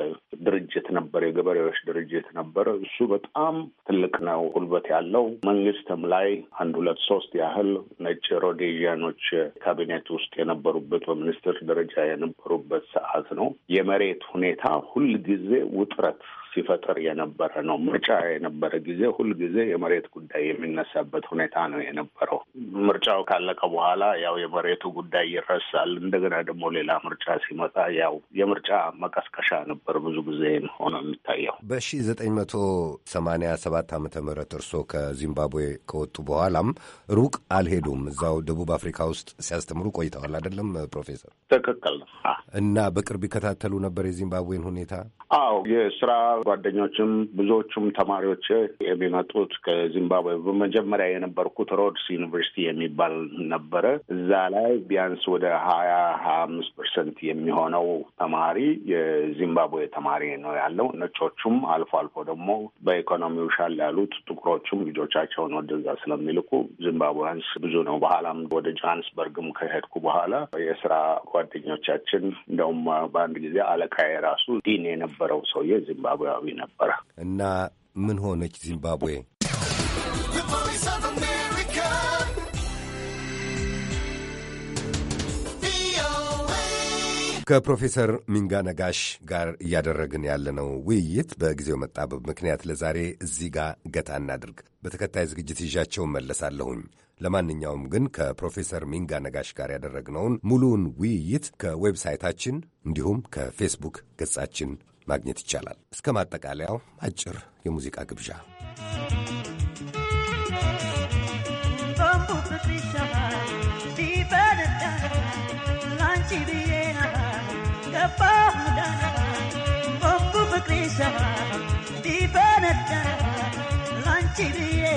ድርጅት ነበር፣ የገበሬዎች ድርጅት ነበረ። እሱ በጣም ትልቅ ነው፣ ጉልበት ያለው መንግስትም ላይ አንድ ሁለት ሶስት ያህል ነጭ ሮዴዥያኖች ካቢኔት ውስጥ የነበሩበት በሚኒስትር ደረጃ የነበሩበት ሰዓት ነው። የመሬት ሁኔታ ሁልጊዜ ውጥረት ሲፈጥር የነበረ ነው። ምርጫ የነበረ ጊዜ ሁልጊዜ የመሬት ጉዳይ የሚነሳበት ሁኔታ ነው የነበረው። ምርጫው ካለቀ በኋላ ያው የመሬቱ ጉዳይ ይረሳል። እንደገና ደግሞ ሌላ ምርጫ ሲመጣ ያው የምርጫ መቀስቀሻ ነበር ብዙ ጊዜ ሆኖ የሚታየው። በሺ ዘጠኝ መቶ ሰማኒያ ሰባት ዓመተ ምህረት እርስዎ ከዚምባብዌ ከወጡ በኋላም ሩቅ አልሄዱም። እዛው ደቡብ አፍሪካ ውስጥ ሲያስተምሩ ቆይተዋል አይደለም ፕሮፌሰር? ትክክል እና በቅርብ ይከታተሉ ነበር የዚምባብዌን ሁኔታ? አዎ የስራ ጓደኞችም ብዙዎቹም ተማሪዎች የሚመጡት ከዚምባብዌ በመጀመሪያ የነበርኩት ሮድስ ዩኒቨርሲቲ የሚባል ነበረ። እዛ ላይ ቢያንስ ወደ ሀያ ሀያ አምስት ፐርሰንት የሚሆነው ተማሪ የዚምባብዌ ተማሪ ነው ያለው። ነጮቹም አልፎ አልፎ ደግሞ በኢኮኖሚው ሻል ያሉት ጥቁሮቹም ልጆቻቸውን ወደዛ ስለሚልኩ ዚምባብዌያንስ ብዙ ነው። በኋላም ወደ ጆሃንስበርግም ከሄድኩ በኋላ የስራ ጓደኞቻችን እንደውም በአንድ ጊዜ አለካ ራሱ ዲን የነበረው ሰውዬ ዚምባብዌ ዚምባብዌያዊ ነበረ እና ምን ሆነች ዚምባብዌ? ከፕሮፌሰር ሚንጋ ነጋሽ ጋር እያደረግን ያለነው ውይይት በጊዜው መጣበብ ምክንያት ለዛሬ እዚህ ጋር ገታ እናድርግ። በተከታይ ዝግጅት ይዣቸው መለሳለሁኝ። ለማንኛውም ግን ከፕሮፌሰር ሚንጋ ነጋሽ ጋር ያደረግነውን ሙሉውን ውይይት ከዌብሳይታችን እንዲሁም ከፌስቡክ ገጻችን ማግኘት ይቻላል። እስከ ማጠቃለያው አጭር የሙዚቃ ግብዣ Lanchi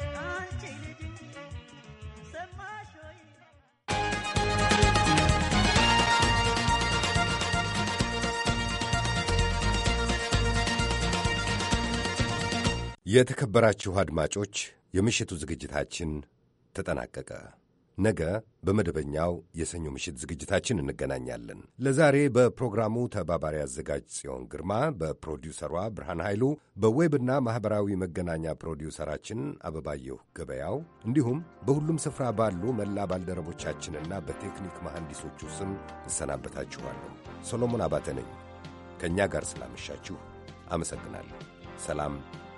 የተከበራችሁ አድማጮች የምሽቱ ዝግጅታችን ተጠናቀቀ። ነገ በመደበኛው የሰኞ ምሽት ዝግጅታችን እንገናኛለን። ለዛሬ በፕሮግራሙ ተባባሪ አዘጋጅ ጽዮን ግርማ፣ በፕሮዲውሰሯ ብርሃን ኃይሉ፣ በዌብና ማኅበራዊ መገናኛ ፕሮዲውሰራችን አበባየሁ ገበያው እንዲሁም በሁሉም ስፍራ ባሉ መላ ባልደረቦቻችንና በቴክኒክ መሐንዲሶቹ ስም እሰናበታችኋለሁ። ሰሎሞን አባተ ነኝ። ከእኛ ጋር ስላመሻችሁ አመሰግናለሁ። ሰላም